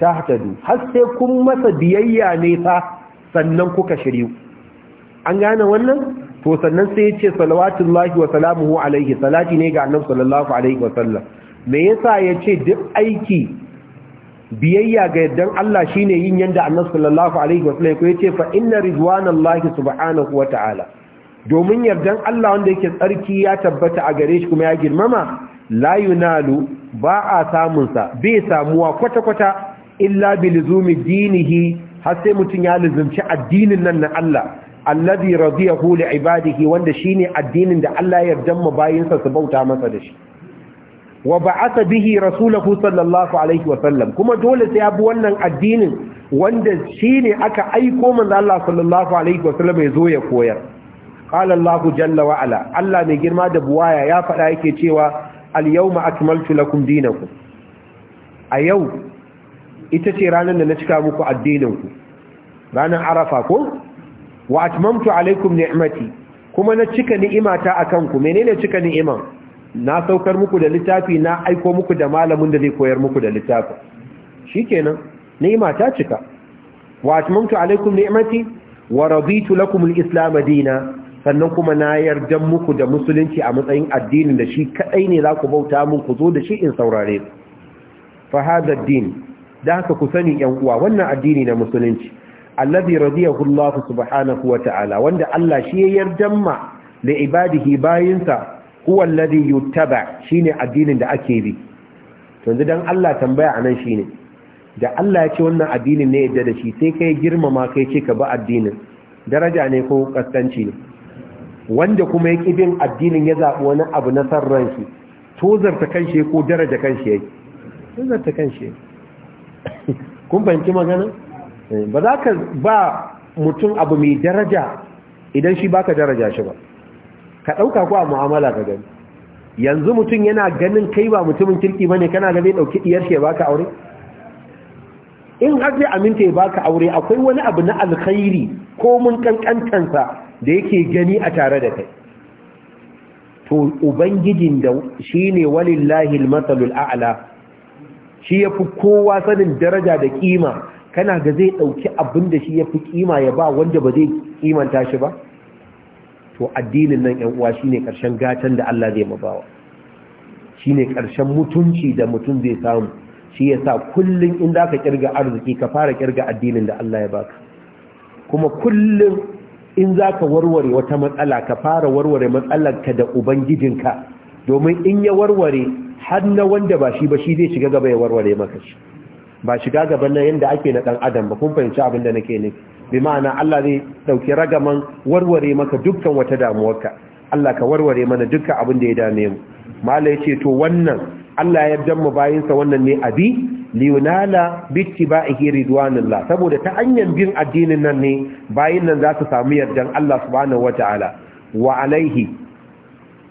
tahtadu har sai kun masa biyayya ne fa sannan kuka shiryu an gane wannan to sannan sai ya ce salawatullahi wa salamuhu alaihi salati ne ga annabi sallallahu alaihi wa sallam me yasa ya ce duk aiki biyayya ga yardan Allah shine yin yanda annabi sallallahu alaihi wa sallam ya ce fa inna ridwanallahi subhanahu wa ta'ala domin yardan Allah wanda yake tsarki ya tabbata a gare shi kuma ya girmama la yunalu ba a samun sa bai samuwa kwata-kwata illa bi luzumi dinihi har sai mutum ya luzumci addinin nan na Allah alladhi radiyahu li ibadihi wanda shine addinin da Allah ya yarda ma sa su bauta masa da shi wa ba'atha bihi rasulahu sallallahu alaihi wa sallam kuma dole sai ya wannan addinin wanda shine aka aiko manzo Allah sallallahu alaihi wa sallam ya zo ya koyar qala Allahu jalla wa ala Allah mai girma da buwaya ya faɗa yake cewa al-yawma akmaltu lakum dinakum a yau ita ce ranar da na cika muku addininku ranar arafa ko wa atmamtu alaikum ni'mati kuma na cika ni'imata akan ku menene cika ni'iman na saukar muku da littafi na aiko muku da malamin da zai koyar muku da littafi shikenan ni'imata cika wa atmamtu alaikum ni'mati wa raditu lakum al-islam dinan sannan kuma na yarda muku da musulunci a matsayin addinin da shi kadai ne za ku bauta mun ku zo da shi in saurare fa hada din da haka ku sani yan uwa wannan addini na musulunci allazi radiyahu Allah subhanahu wa ta'ala wanda Allah shi ya yarda ma da ibadihi sa huwa alladhi yuttaba shine addinin da ake bi to yanzu dan Allah tambaya anan shine da Allah ya ce wannan addinin ne yadda da shi sai kai girmama kai ce ka ba addinin daraja ne ko kastanci ne wanda kuma ya bin addinin ya zaɓi wani abu na san ranshi tozarta kan shi ko daraja kan shi yake tozarta kan shi kun fahimci magana eh, ba za ka ba mutum abu mai daraja idan shi baka daraja shi ba ka ɗauka ko a mu'amala ka gani yanzu mutum yana ganin kai ba mutumin kirki bane kana ga zai ɗauki ɗiyar shi ya baka aure in har zai aminta ya baka aure akwai wani abu na alkhairi ko mun kankantansa da yake gani a tare da kai to ubangijin da shine walillahi almasalul a'ala shi yafi kowa sanin daraja da kima kana ga zai dauki abin da shi yafi kima ya ba wanda ba zai kimanta shi ba to addinin nan yan uwa shine karshen gatan da Allah zai mabawa shine karshen mutunci da mutum zai samu shi yasa kullun in ka ƙirga arziki ka fara kirga addinin da Allah ya baka kuma kullun in za ka warware wata matsala ka fara warware matsalarka da ubangijinka domin in ya warware har na wanda ba shi ba shi zai shiga gaba ya warware maka shi ba shiga gaba na yadda ake na ɗan adam ba kun fahimci abin da nake ne bi ma'ana Allah zai ɗauki ragaman warware maka dukkan wata damuwarka Allah ka warware mana dukkan abin da ya dame mu mala ce to wannan Allah ya damma bayinsa wannan ne abi liyunala bittiba'ihi ridwanullah saboda ta hanyar bin addinin nan ne bayin nan za su samu yardan Allah subhanahu wa alaihi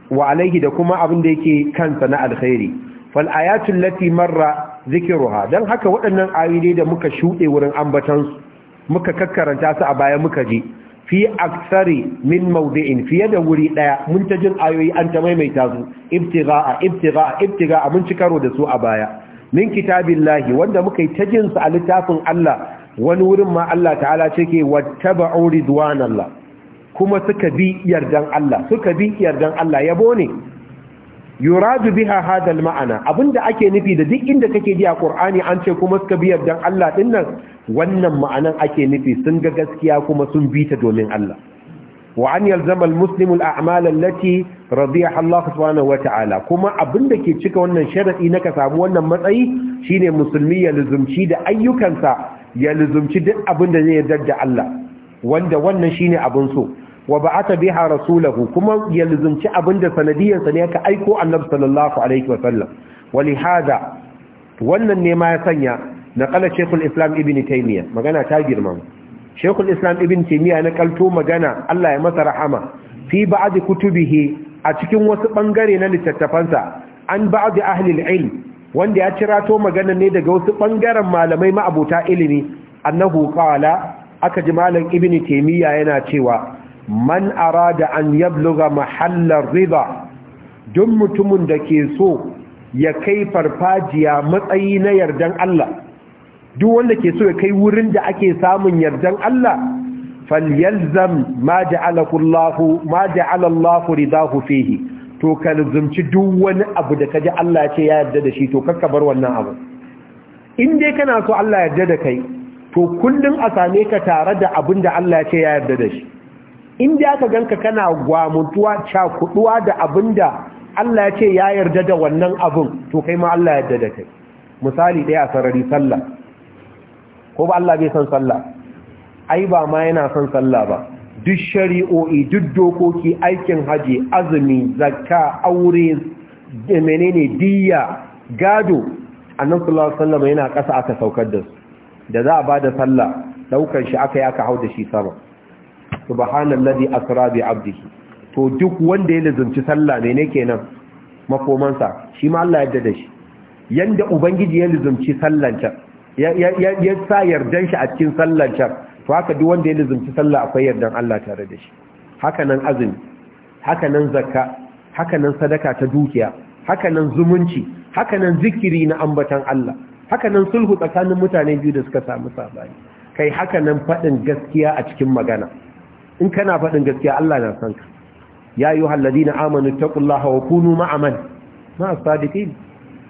wa alaihi da kuma abin da yake kansa na alkhairi fal ayatul lati marra zikruha dan haka waɗannan ne da muka shuɗe wurin ambatansu? muka kakkaranta su a baya muka ji fi aksari min maudi'in fiye da wuri daya mun ta jin ayoyi an ta maimaita su ibtigha'a ibtigha'a ibtigha'a mun ci karo da su a baya min kitabillahi wanda muka yi ta jin su a littafin Allah wani wurin ma Allah ta'ala ce ke wattaba'u Allah. kuma suka bi yardan Allah suka bi yardan Allah yabo ne yuradu biha hadal ma'ana abinda ake nufi da duk inda kake ji a Qur'ani an ce kuma suka bi yardan Allah dinnan wannan ma'anan ake nufi sun ga gaskiya kuma sun bi ta domin Allah wa an yalzama almuslimu al'amal allati radiyaha Allah subhanahu wata'ala kuma abinda ke cika wannan sharadi na ka samu wannan matsayi shine musulmi ya luzumci da ayyukansa ya luzumci duk abinda zai yarda da Allah wanda wannan shine abin so wa ba'ata biha rasulahu kuma ya luzumci abinda sa ne ka aiko annabi sallallahu alaihi wa sallam wannan ne ma ya sanya naqala shekul islam ibn taimiyya. magana ta girma Shekul islam ibn taimiyya na kalto magana Allah ya masa rahama fi ba'd kutubihi a cikin wasu bangare na littattafansa an ba'adi ahlil ilm wanda ya cirato magana ne daga wasu bangaren malamai ma'abuta ilimi annahu qala aka ji malam ibini taimiyya yana cewa man arada an yabluga mahallar riba, duk mutumin da ke so ya kai farfajiya matsayi na yardan Allah duk wanda ke so ya kai wurin da ake samun yardan Allah falyalzam ma ja'alakullahu ma ja'alallahu ridahu fihi to kan zumci duk wani abu da kaji Allah ya ce ya yarda da shi to kakka bar wannan abu in dai kana so Allah ya yarda da kai to kullum a same ka tare da abin da Allah ya ce ya yarda da shi in dai aka ganka kana gwamutuwa kuduwa da abin da Allah ya ce ya yarda da wannan abin to kai ma Allah ya yarda da kai misali ɗaya a sarari sallah ko ba Allah bai san sallah ai ba ma yana son sallah ba duk shari'o'i duk dokoki aikin haji azumi zakka aure menene diyya gado annabi sallallahu alaihi wasallam yana kasa aka saukar da da za a bada sallah daukar shi aka yaka hau da shi sama subhanallazi asra bi abdihi to duk wanda ya lazumci sallah ne ne kenan makomansa shi ma Allah ya yadda da shi yanda ubangiji ya lazumci Sallar can ya sa yardan shi a cikin sallar can to haka duk wanda ya lizumci sallah akwai yardan Allah tare da shi haka nan azumi haka nan zakka haka nan sadaka ta dukiya haka nan zumunci haka nan zikiri na ambatan Allah haka nan sulhu tsakanin mutane biyu da suka samu sabani kai haka nan faɗin gaskiya a cikin magana in kana faɗin gaskiya Allah na san ka ya ayyuhal ladina amanu taqullaha wa kunu ma'aman ma'a sadiqin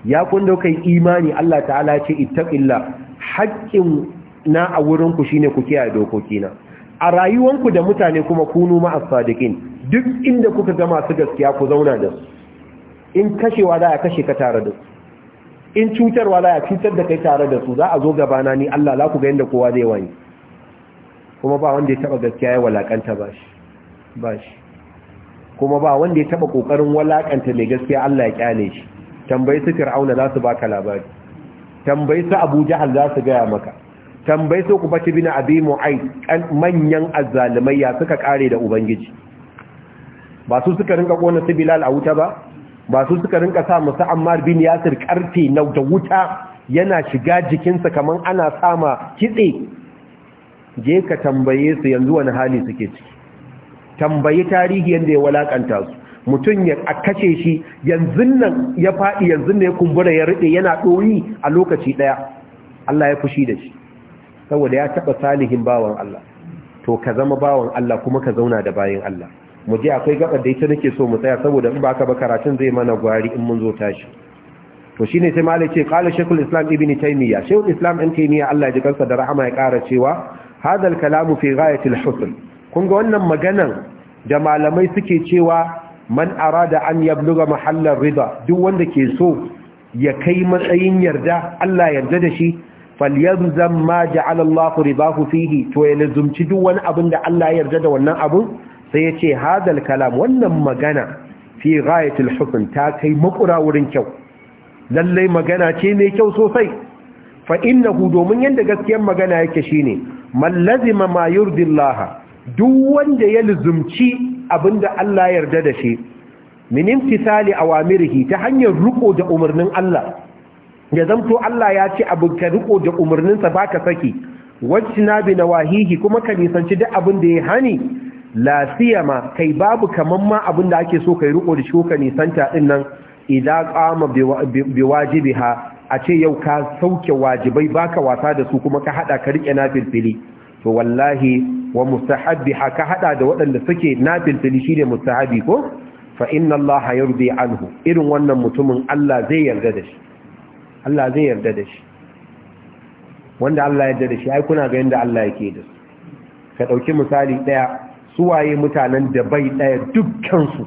ya kun da kai imani Allah ta'ala ce ittaqilla haƙƙin na a wurin ku shine ku kiyaye dokokina a rayuwanku da mutane kuma kunu ma'as sadiqin duk inda kuka ga masu gaskiya ku zauna da su in kashewa za a kashe ka tare da su in cutarwa za a cutar da kai tare da su za a zo gabana ni Allah za ku ga yadda kowa zai wani kuma ba wanda ya taba gaskiya ya walakanta ba shi ba shi kuma ba wanda ya taba kokarin walakanta mai gaskiya Allah ya kyale shi tambayi su fir'auna za su baka labari tambayi su abu jahal za su gaya maka tambayi su ku bati bin abi mu'aid kan manyan azzalumai ya suka kare da ubangiji ba su suka rinka kona su bilal a wuta ba ba su suka rinka sa musu ammar bin yasir karfe na da wuta yana shiga jikinsa kamar ana sama kitse je ka tambaye su yanzu wani hali suke ciki tambayi tarihi yadda ya walakanta su mutum ya kashe shi yanzu nan ya faɗi yanzu ne ya kumbura ya rike yana ɗoyi a lokaci ɗaya Allah ya fushi da shi saboda ya taɓa salihin bawan Allah to ka zama bawan Allah kuma ka zauna da bayan Allah mu je akwai gabar da ita nake so mu tsaya saboda in baka ba karatun zai mana gwari in mun zo tashi to shine sai malai ce qala shaykhul islam ibni taymiya shaykhul islam ibn taymiya Allah ya ji kansa da rahama ya ƙara cewa hadal kalamu fi ghayatil husn kun ga wannan maganan da malamai suke cewa man arada an yabluga mahallar riba duk wanda ke so ya kai matsayin yarda Allah yarda da shi falyabzam ma ja'ala Allah ridahu fihi to ya lazumci duk wani abin da Allah yarda da wannan abun sai ya ce hadal kalam wannan magana fi ghayatil husn ta kai makura wurin kyau lalle magana ce mai kyau sosai fa innahu domin yanda gaskiyar magana yake shine man lazima ma yurdillaha duk wanda ya lazumci abinda Allah yarda da shi min imtisali awamirihi ta hanyar riko da umarnin Allah ya zamto Allah ya ce abin ka riko da umarninsa baka saki wajina bi nawahihi kuma ka nisanci duk abin da ya hani la siyama kai babu kaman ma abin da ake so kai riko da shi ka nisanta din nan idan qama bi wajibiha a ce yau ka sauke wajibai baka wasa da su kuma ka hada ka rike nafilfili to wallahi wa mustahabbi haka hada da waɗanda suke shi ne mustahabi ko fa inna allaha yardi anhu irin wannan mutumin Allah zai yarda da shi Allah zai yarda da shi wanda Allah ya yarda da shi ai kuna ga yanda Allah yake da su ka dauki misali daya waye mutanen da bai daya dukkan su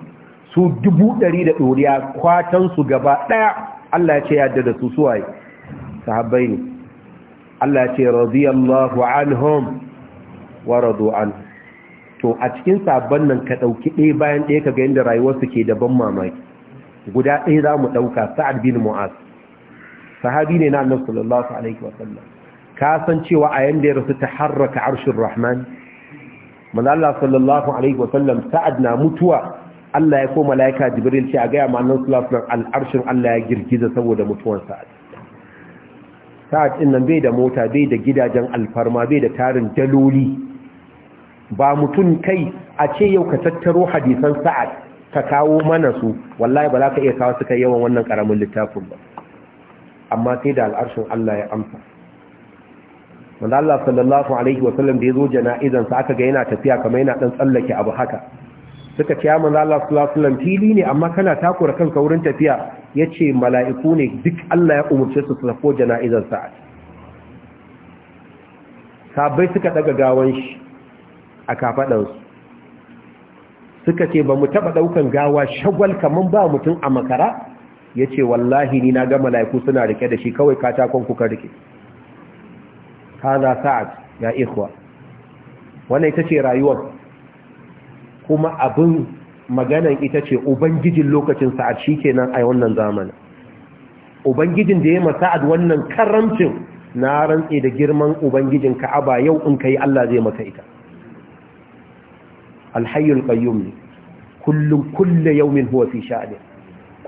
su dubu ɗari da ɗoriya kwatan su gaba daya Allah ya ce yarda da su su waye? sahabbai ne Allah ya ce radiyallahu anhum waradu an to a cikin sabon nan ka ɗauki ɗaya bayan ɗaya ka ga yadda rayuwarsu ke da ban mamaki guda ɗaya za mu ɗauka sa'ad bin mu'az sahabi ne na annabi sallallahu alaihi wa sallam ka san cewa a yanda ya rasu taharraka arshin rahman manzo Allah sallallahu alaihi wa sallam sa'ad na mutuwa Allah ya ko malaika jibril ce a ga ma annabi sallallahu alaihi wa sallam al'arshin Allah ya girgiza saboda mutuwar sa'ad sa'ad din nan bai da mota bai da gidajen alfarma bai da tarin daloli ba mutum kai a ce yau ka tattaro hadisan sa'ad ka kawo mana su wallahi ba za ka iya kawo suka yawan wannan karamin littafin ba amma sai da al'arshin Allah ya amsa wanda Allah sallallahu alaihi wa sallam da yazo jana'izan sa aka ga yana tafiya kamar yana dan tsallake abu haka suka ce manzo Allah sallallahu alaihi wa fili ne amma kana takura kanka wurin tafiya yace mala'iku ne duk Allah ya umurce su su tafi jana'izan sa'ad sabai suka daga gawan shi a su suka ce ba mu taɓa ɗaukan gawa shagwal kamar ba mutum a makara ya ce wallahi ni na gama laifu suna rike da shi kawai katakon kuka rike Kana sa'ad ya ikhwa wannan ita ce rayuwar kuma abin maganan ita ce ubangijin lokacin sa'ad shi kenan a wannan zamanin ubangijin da ya yi sa'ad wannan karamcin na rantse da girman ubangijin ka'aba yau in ka yi Allah zai maka ita alhayyul kayyum ne kullum kulle yaumin huwa fi sha'ani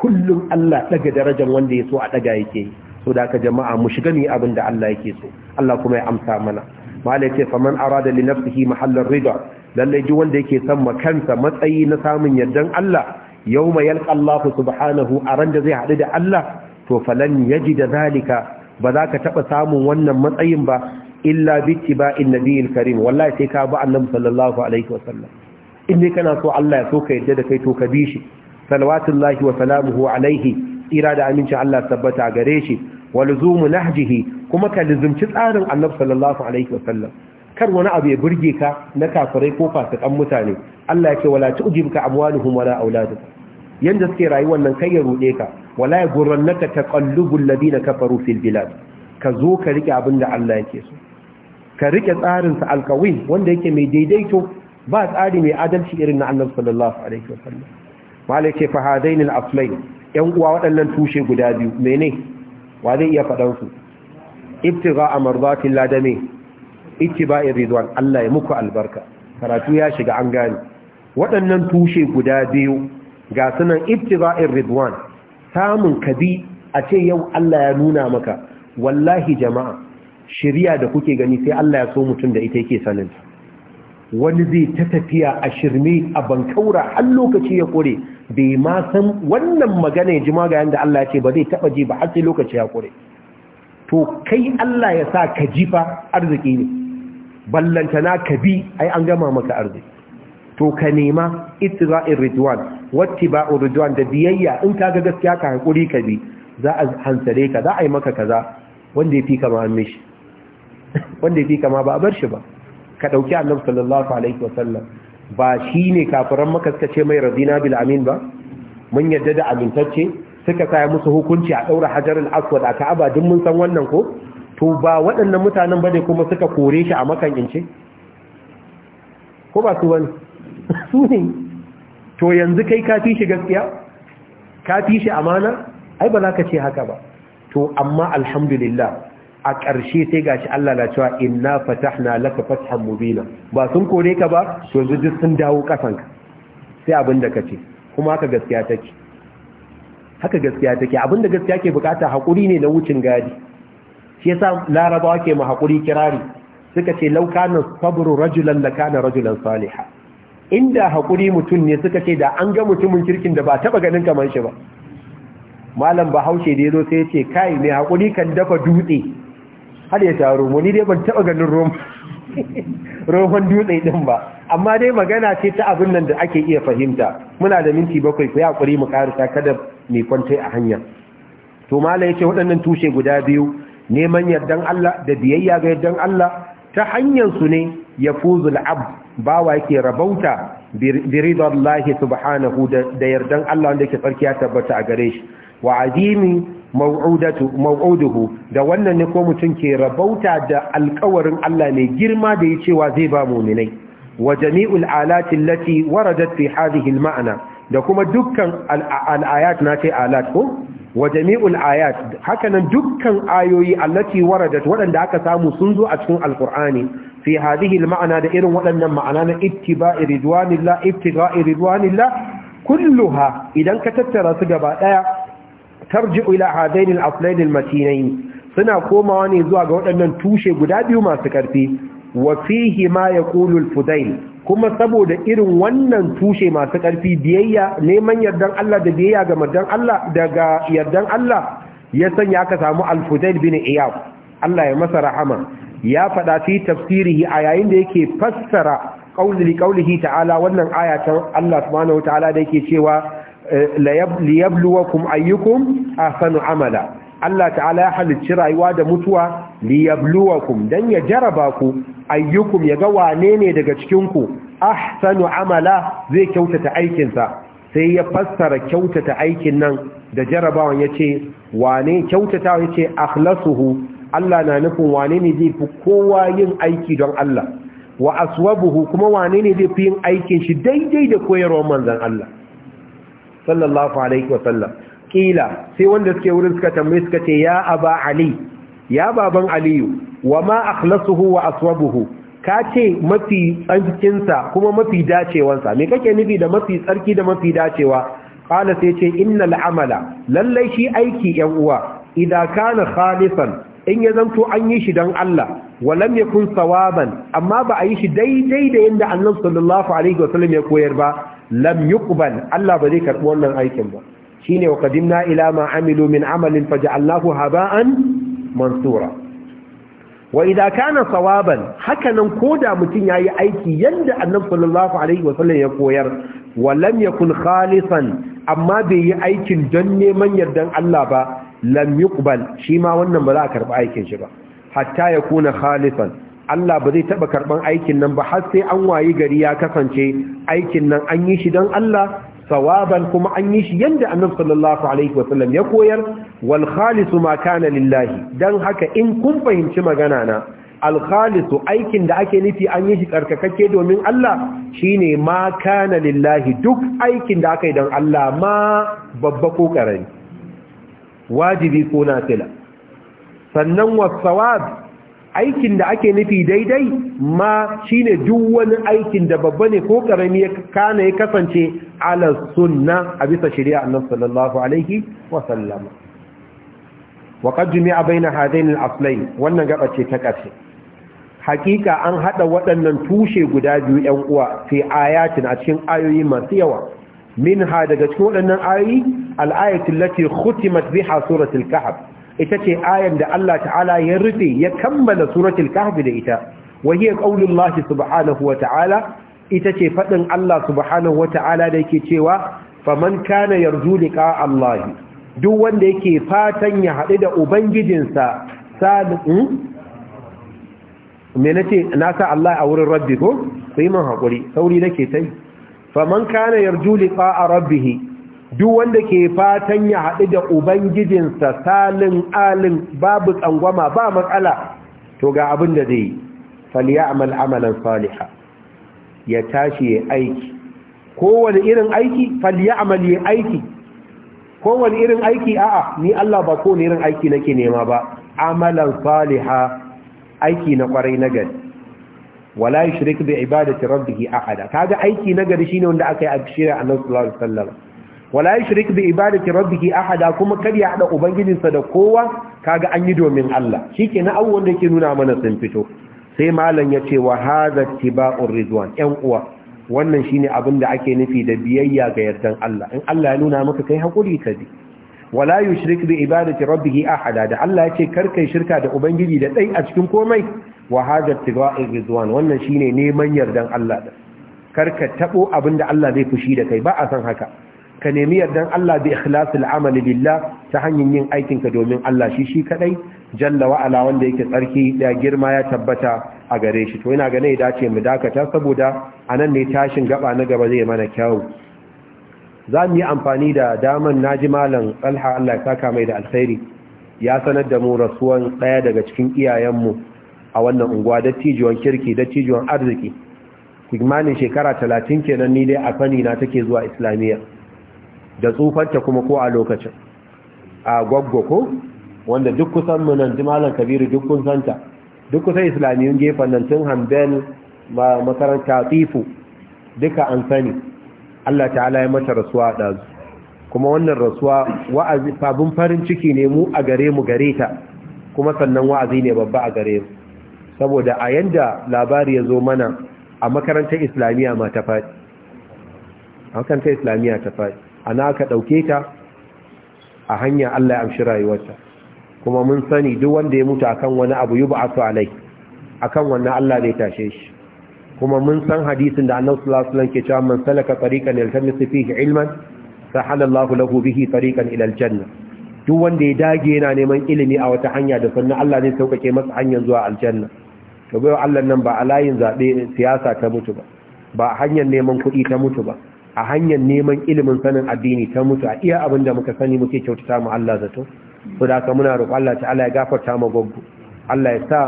kullum Allah daga darajar wanda ya so a daga yake yi so da aka jama'a mu shiga ne abin da Allah yake so Allah kuma ya amsa mana mala yace faman arada li nafsihi mahallar rida lalle ji wanda yake son ma kansa matsayi na samun yardan Allah yauma yalqa Allah subhanahu aran da zai hadu da Allah to falan da zalika ba za ka taba samun wannan matsayin ba illa bi tiba'in nabiyil karim wallahi sai ka bi annabi sallallahu alaihi wasallam in dai kana so Allah ya so ka yadda da kai to ka bi shi salawatullahi wa salamuhu alaihi tsira da amincin Allah tabbata gare shi wa luzumu nahjihi kuma ka luzumci tsarin Annabi sallallahu alaihi kar wani abu ya burge ka na kafirai ko fasikan mutane Allah ya ce wala tu'jibka amwaluhum wala auladuhum yanda suke rayuwar nan kai ya rude ka wala ya gurrannaka taqallubul ladina kafaru fil bilad ka zo ka rike abin da Allah yake so ka rike tsarin sa alqawim wanda yake mai daidaito ba tsari mai adalci irin na annabi sallallahu alaihi wasallam malai ce fahadainil aflain yan uwa waɗannan tushe guda biyu mene wa zai iya faɗan su ibtigha amardatil ladame ittiba'i ridwan Allah ya muku albarka karatu ya shiga an gane waɗannan tushe guda biyu ga sunan ibtigha'ir ridwan samun kabi a ce yau Allah ya nuna maka wallahi jama'a shari'a da kuke gani sai Allah ya so mutum da ita yake sanin ta wani zai ta tafiya a shirme a bankaura har lokaci ya kore bai ma san wannan magana ya ji ga da Allah ya ce ba zai taba ji ba har sai lokaci ya kore to kai Allah ya sa ka ji fa arziki ne ballantana ka bi ai an gama maka arziki to ka nema itra'ir ridwan wattiba'ur ridwan da biyayya in ka ga gaskiya ka hakuri ka bi za a hansare ka za a yi maka kaza wanda ya kama an wanda ya fi kama ba a bar shi ba ka dauki annabi sallallahu alaihi wasallam ba ne kafiran maka suka ce mai radina bil amin ba mun yadda da amintacce suka saya musu hukunci a daura hajarul aswad a ka'aba duk mun san wannan ko to ba waɗannan mutanen bane kuma suka kore shi a makan ince ko ba su wani su ne to yanzu kai ka fi shi gaskiya ka fi shi amana ai ba za ka ce haka ba to amma alhamdulillah a ƙarshe sai gashi Allah na cewa inna fatahna laka fathan mubina ba sun kore ka ba to yanzu duk sun dawo kasanka sai abin da kace kuma haka gaskiya take haka gaskiya take abin da gaskiya ke bukata hakuri ne na wucin gadi shi yasa larabawa ke ma hakuri kirari suka ce law kana sabru rajulan kana rajulan salihan inda hakuri mutum ne suka ce da an ga mutumin kirkin da ba taba ganin kamar shi ba malam bahaushe da yazo sai ya ce kai mai hakuri kan dafa dutse har ya taru romo ni dai ban taba ganin Roma rohon dutse din ba amma dai magana ce ta abin nan da ake iya fahimta muna da minti bakwai ku hakuri mu karanta kada mai kwantai a hanya to ya yace waɗannan tushe guda biyu neman yardan Allah da biyayya ga yardan Allah ta hanyar su ne yafuzul ab ba bawa yake rabauta bi ridallahi subhanahu da yardan Allah wanda yake tsarkiya tabbata a gare shi wa azimi maw'uduhu da wannan ne ko mutum ke rabauta da alkawarin Allah mai girma da ya cewa zai ba muminai wa jami'ul alatin allati waradat fi hadhihi ma'ana. da kuma dukkan al-ayat na ce alat ko wa jami'ul ayat hakanan dukkan ayoyi allati waradat waɗanda aka samu sun zo a cikin alqur'ani fi hadhihi ma'ana da irin waɗannan ma'ana na ittiba'i ridwanillah ittiba'i ridwanillah kulluha idan ka tattara su gaba daya tarji'u ila hadain al suna komawa ne zuwa ga waɗannan tushe guda biyu masu ƙarfi wa fihi ma yaqulu al-fudail kuma saboda irin wannan tushe masu ƙarfi biyayya neman yardan Allah da biyayya ga yardan Allah daga yardan Allah ya sanya aka samu al-fudail bin iyab Allah ya masa rahama ya faɗa fi tafsirihi a yayin da yake fassara qawli qaulihi ta'ala wannan ayatan ta Allah subhanahu wa ta'ala da yake cewa liyabluwakum ayyukum ahsanu amala Allah ta'ala ya halicci rayuwa da mutuwa liyabluwakum dan ya jaraba ku ayyukum ya ga wane ne daga cikin ku ahsanu amala zai kyautata aikin sa sai ya fassara kyautata aikin nan da jarabawan yace wane kyautata yace akhlasuhu Allah na nufin wane ne zai fi kowa yin aiki don Allah wa aswabuhu kuma wane ne zai fi yin aikin shi daidai da koyarwar manzon Allah sallallahu alaihi wasallam kila sai wanda suke wurin suka tambaye suka ce ya aba ali ya baban aliyu wa ma akhlasuhu wa aswabuhu ka ce mafi tsarkinsa kuma mafi dacewansa me kake nufi da mafi tsarki da mafi dacewa qala sai ce innal amala lallai shi aiki yan uwa idza kana khalisan in ya zanto an yi shi don Allah walam yakun sawaban amma ba a yi shi daidai da yanda Annabi sallallahu alaihi wasallam ya koyar ba lam yuqbal Allah ba zai karbi wannan aikin ba shine wa qadimna ila ma amilu min amalin faj'alnahu haba'an mansura wa idza kana sawaban hakanan koda mutun yayi aiki yanda annabi sallallahu alaihi wasallam ya koyar wa lam yakun khalisan amma bai yi aikin don neman yardan Allah ba lam yuqbal shi ma wannan ba za a karbi aikin shi ba hatta yakuna khalisan Allah ba zai taɓa karɓar aikin nan ba har sai an wayi gari ya kasance aikin nan an yi shi don Allah sawaban kuma an yi shi yadda annabi sallallahu alaihi wasallam ya koyar wal khalisu ma kana lillahi dan haka in kun fahimci magana na al khalisu aikin da ake nufi an yi shi karkakakke domin Allah shine ma kana lillahi duk aikin da aka yi dan Allah ma babba ko karami wajibi ko nafila sannan wasawab aikin da ake nufi daidai ma shine duk wani aikin da babba ne ko karami ya kana ya kasance ala sunna a bisa shari'a annabi sallallahu alaihi wa sallama jumi'a baina hadain al aflai wannan gaba ce ta ƙarshe. hakika an haɗa waɗannan tushe guda biyu 'yan uwa fi ayatin a cikin ayoyi masu yawa Min ha daga cikin waɗannan ayoyi al lati khutimat biha suratul kahf ita ce ayan da Allah ta'ala ya rufe ya kammala suratul kahfi da ita wa hiya qaulullahi subhanahu wa ta'ala ita ce fadin Allah subhanahu wa da yake cewa faman kana yarju liqa Allah duk wanda yake fatan ya haɗu da ubangijinsa salihin hmm? me nace na sa Allah a wurin rabbi ko sai man hakuri sauri nake tai faman kana yarju liqa rabbih duk wanda ke fatan ya haɗu da ubangijinsa salin alin babu tsangwama ba matsala to ga abin da zai faliya amal amalan saliha ya tashi ya aiki kowane irin aiki faliya amal ya aiki kowane irin aiki a'a ni Allah ba kowane irin aiki nake nema ba amalan saliha aiki na kwarai na gari wala yushrik bi ibadati rabbih ahada kaga aiki na gari shine wanda aka yi a shirya annabi sallallahu alaihi wasallam wala yushrik bi ibadati rabbih ahada kuma kar ya hada ubangijinsa da kowa kaga an yi domin Allah shikenan abu wanda yake nuna mana sun fito sai malam ya ce, wa hadha tiba'ur ridwan yan uwa wannan shine abin da ake nufi da biyayya ga yardan Allah in Allah ya nuna maka kai hakuri ka bi wala yushrik bi ibadati ahada da Allah ya ce kar kai shirka da ubangiji da dai a cikin komai wa hadha tiba'ur ridwan wannan shine neman yardan Allah da karka tabo abin da Allah zai fushi da kai ba a san haka ka nemi yardan Allah bi ikhlasil amali lillah ta hanyar yin aikin ka domin Allah shi shi kadai jalla wa ala wanda yake tsarki da girma ya tabbata a gare shi to ina ga ne dace mu dakata saboda anan ne tashin gaba na gaba zai mana kyau za mu yi amfani da daman naji malam Talha Allah ya saka mai da alkhairi ya sanar da mu rasuwan daya daga cikin iyayen mu a wannan unguwa dattijuwan kirki tijiwon arziki kimanin shekara talatin kenan ni dai a fani na take zuwa islamiyya da tsufanta kuma ko a lokacin a gwaggo ko wanda duk kusan munan jimalan kabiru duk kun santa duk kusan islamiyyun gefen nan tun hanbel makaranta tsifu duka an sani Allah ta'ala ya mata rasuwa ɗazu kuma wannan rasuwa wa'azi fabin farin ciki ne mu a gare mu gare ta kuma sannan wa'azi ne babba a gare mu saboda a yanda labari ya zo mana a makarantar islamiyya ma ta faɗi a makarantar islamiyya ta faɗi ana ka ɗauke ta a hanya Allah ya amshi rayuwarta kuma mun sani duk wanda ya mutu akan wani abu yi ba alai akan wannan Allah zai tashe shi kuma mun san hadisin da annabi sallallahu alaihi wasallam ke cewa man salaka tariqan yaltamisu fihi ilman sahala Allahu lahu bihi tariqan ila aljanna duk wanda ya dage yana neman ilimi a wata hanya da sannan Allah zai saukake masa hanyar zuwa aljanna to bai Allah nan ba a zabe siyasa ta mutu ba ba hanyar neman kuɗi ta mutu ba a hanyar neman ilimin sanin addini ta mutu a iya abin da muka sani muke kyautata mu Allah zato Su da haka muna roƙo Allah ta'ala ya gafarta mu goggo Allah ya sa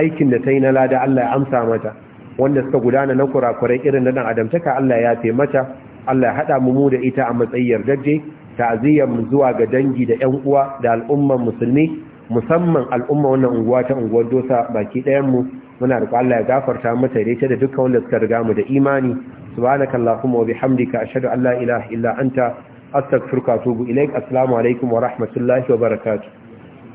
aikin da ta yi na lada Allah ya amsa mata wanda suka gudana na kurakurai irin na dan adamtaka Allah ya yafe mata Allah ya hada mu mu da ita a matsayiyar daje ta'aziyyar mu zuwa ga dangi da ƴan uwa da al'umman musulmi musamman al'umma wannan unguwa ta unguwar Dosa baki ɗayan mu muna roƙo Allah ya gafarta mata da ita da dukkan wanda suka riga mu da imani subhanaka allahumma wa hamdi ashhadu an la ilaha illa anta astaghfiruka wa atubu ilaik assalamu alaikum wa rahmatullahi wa barakatuh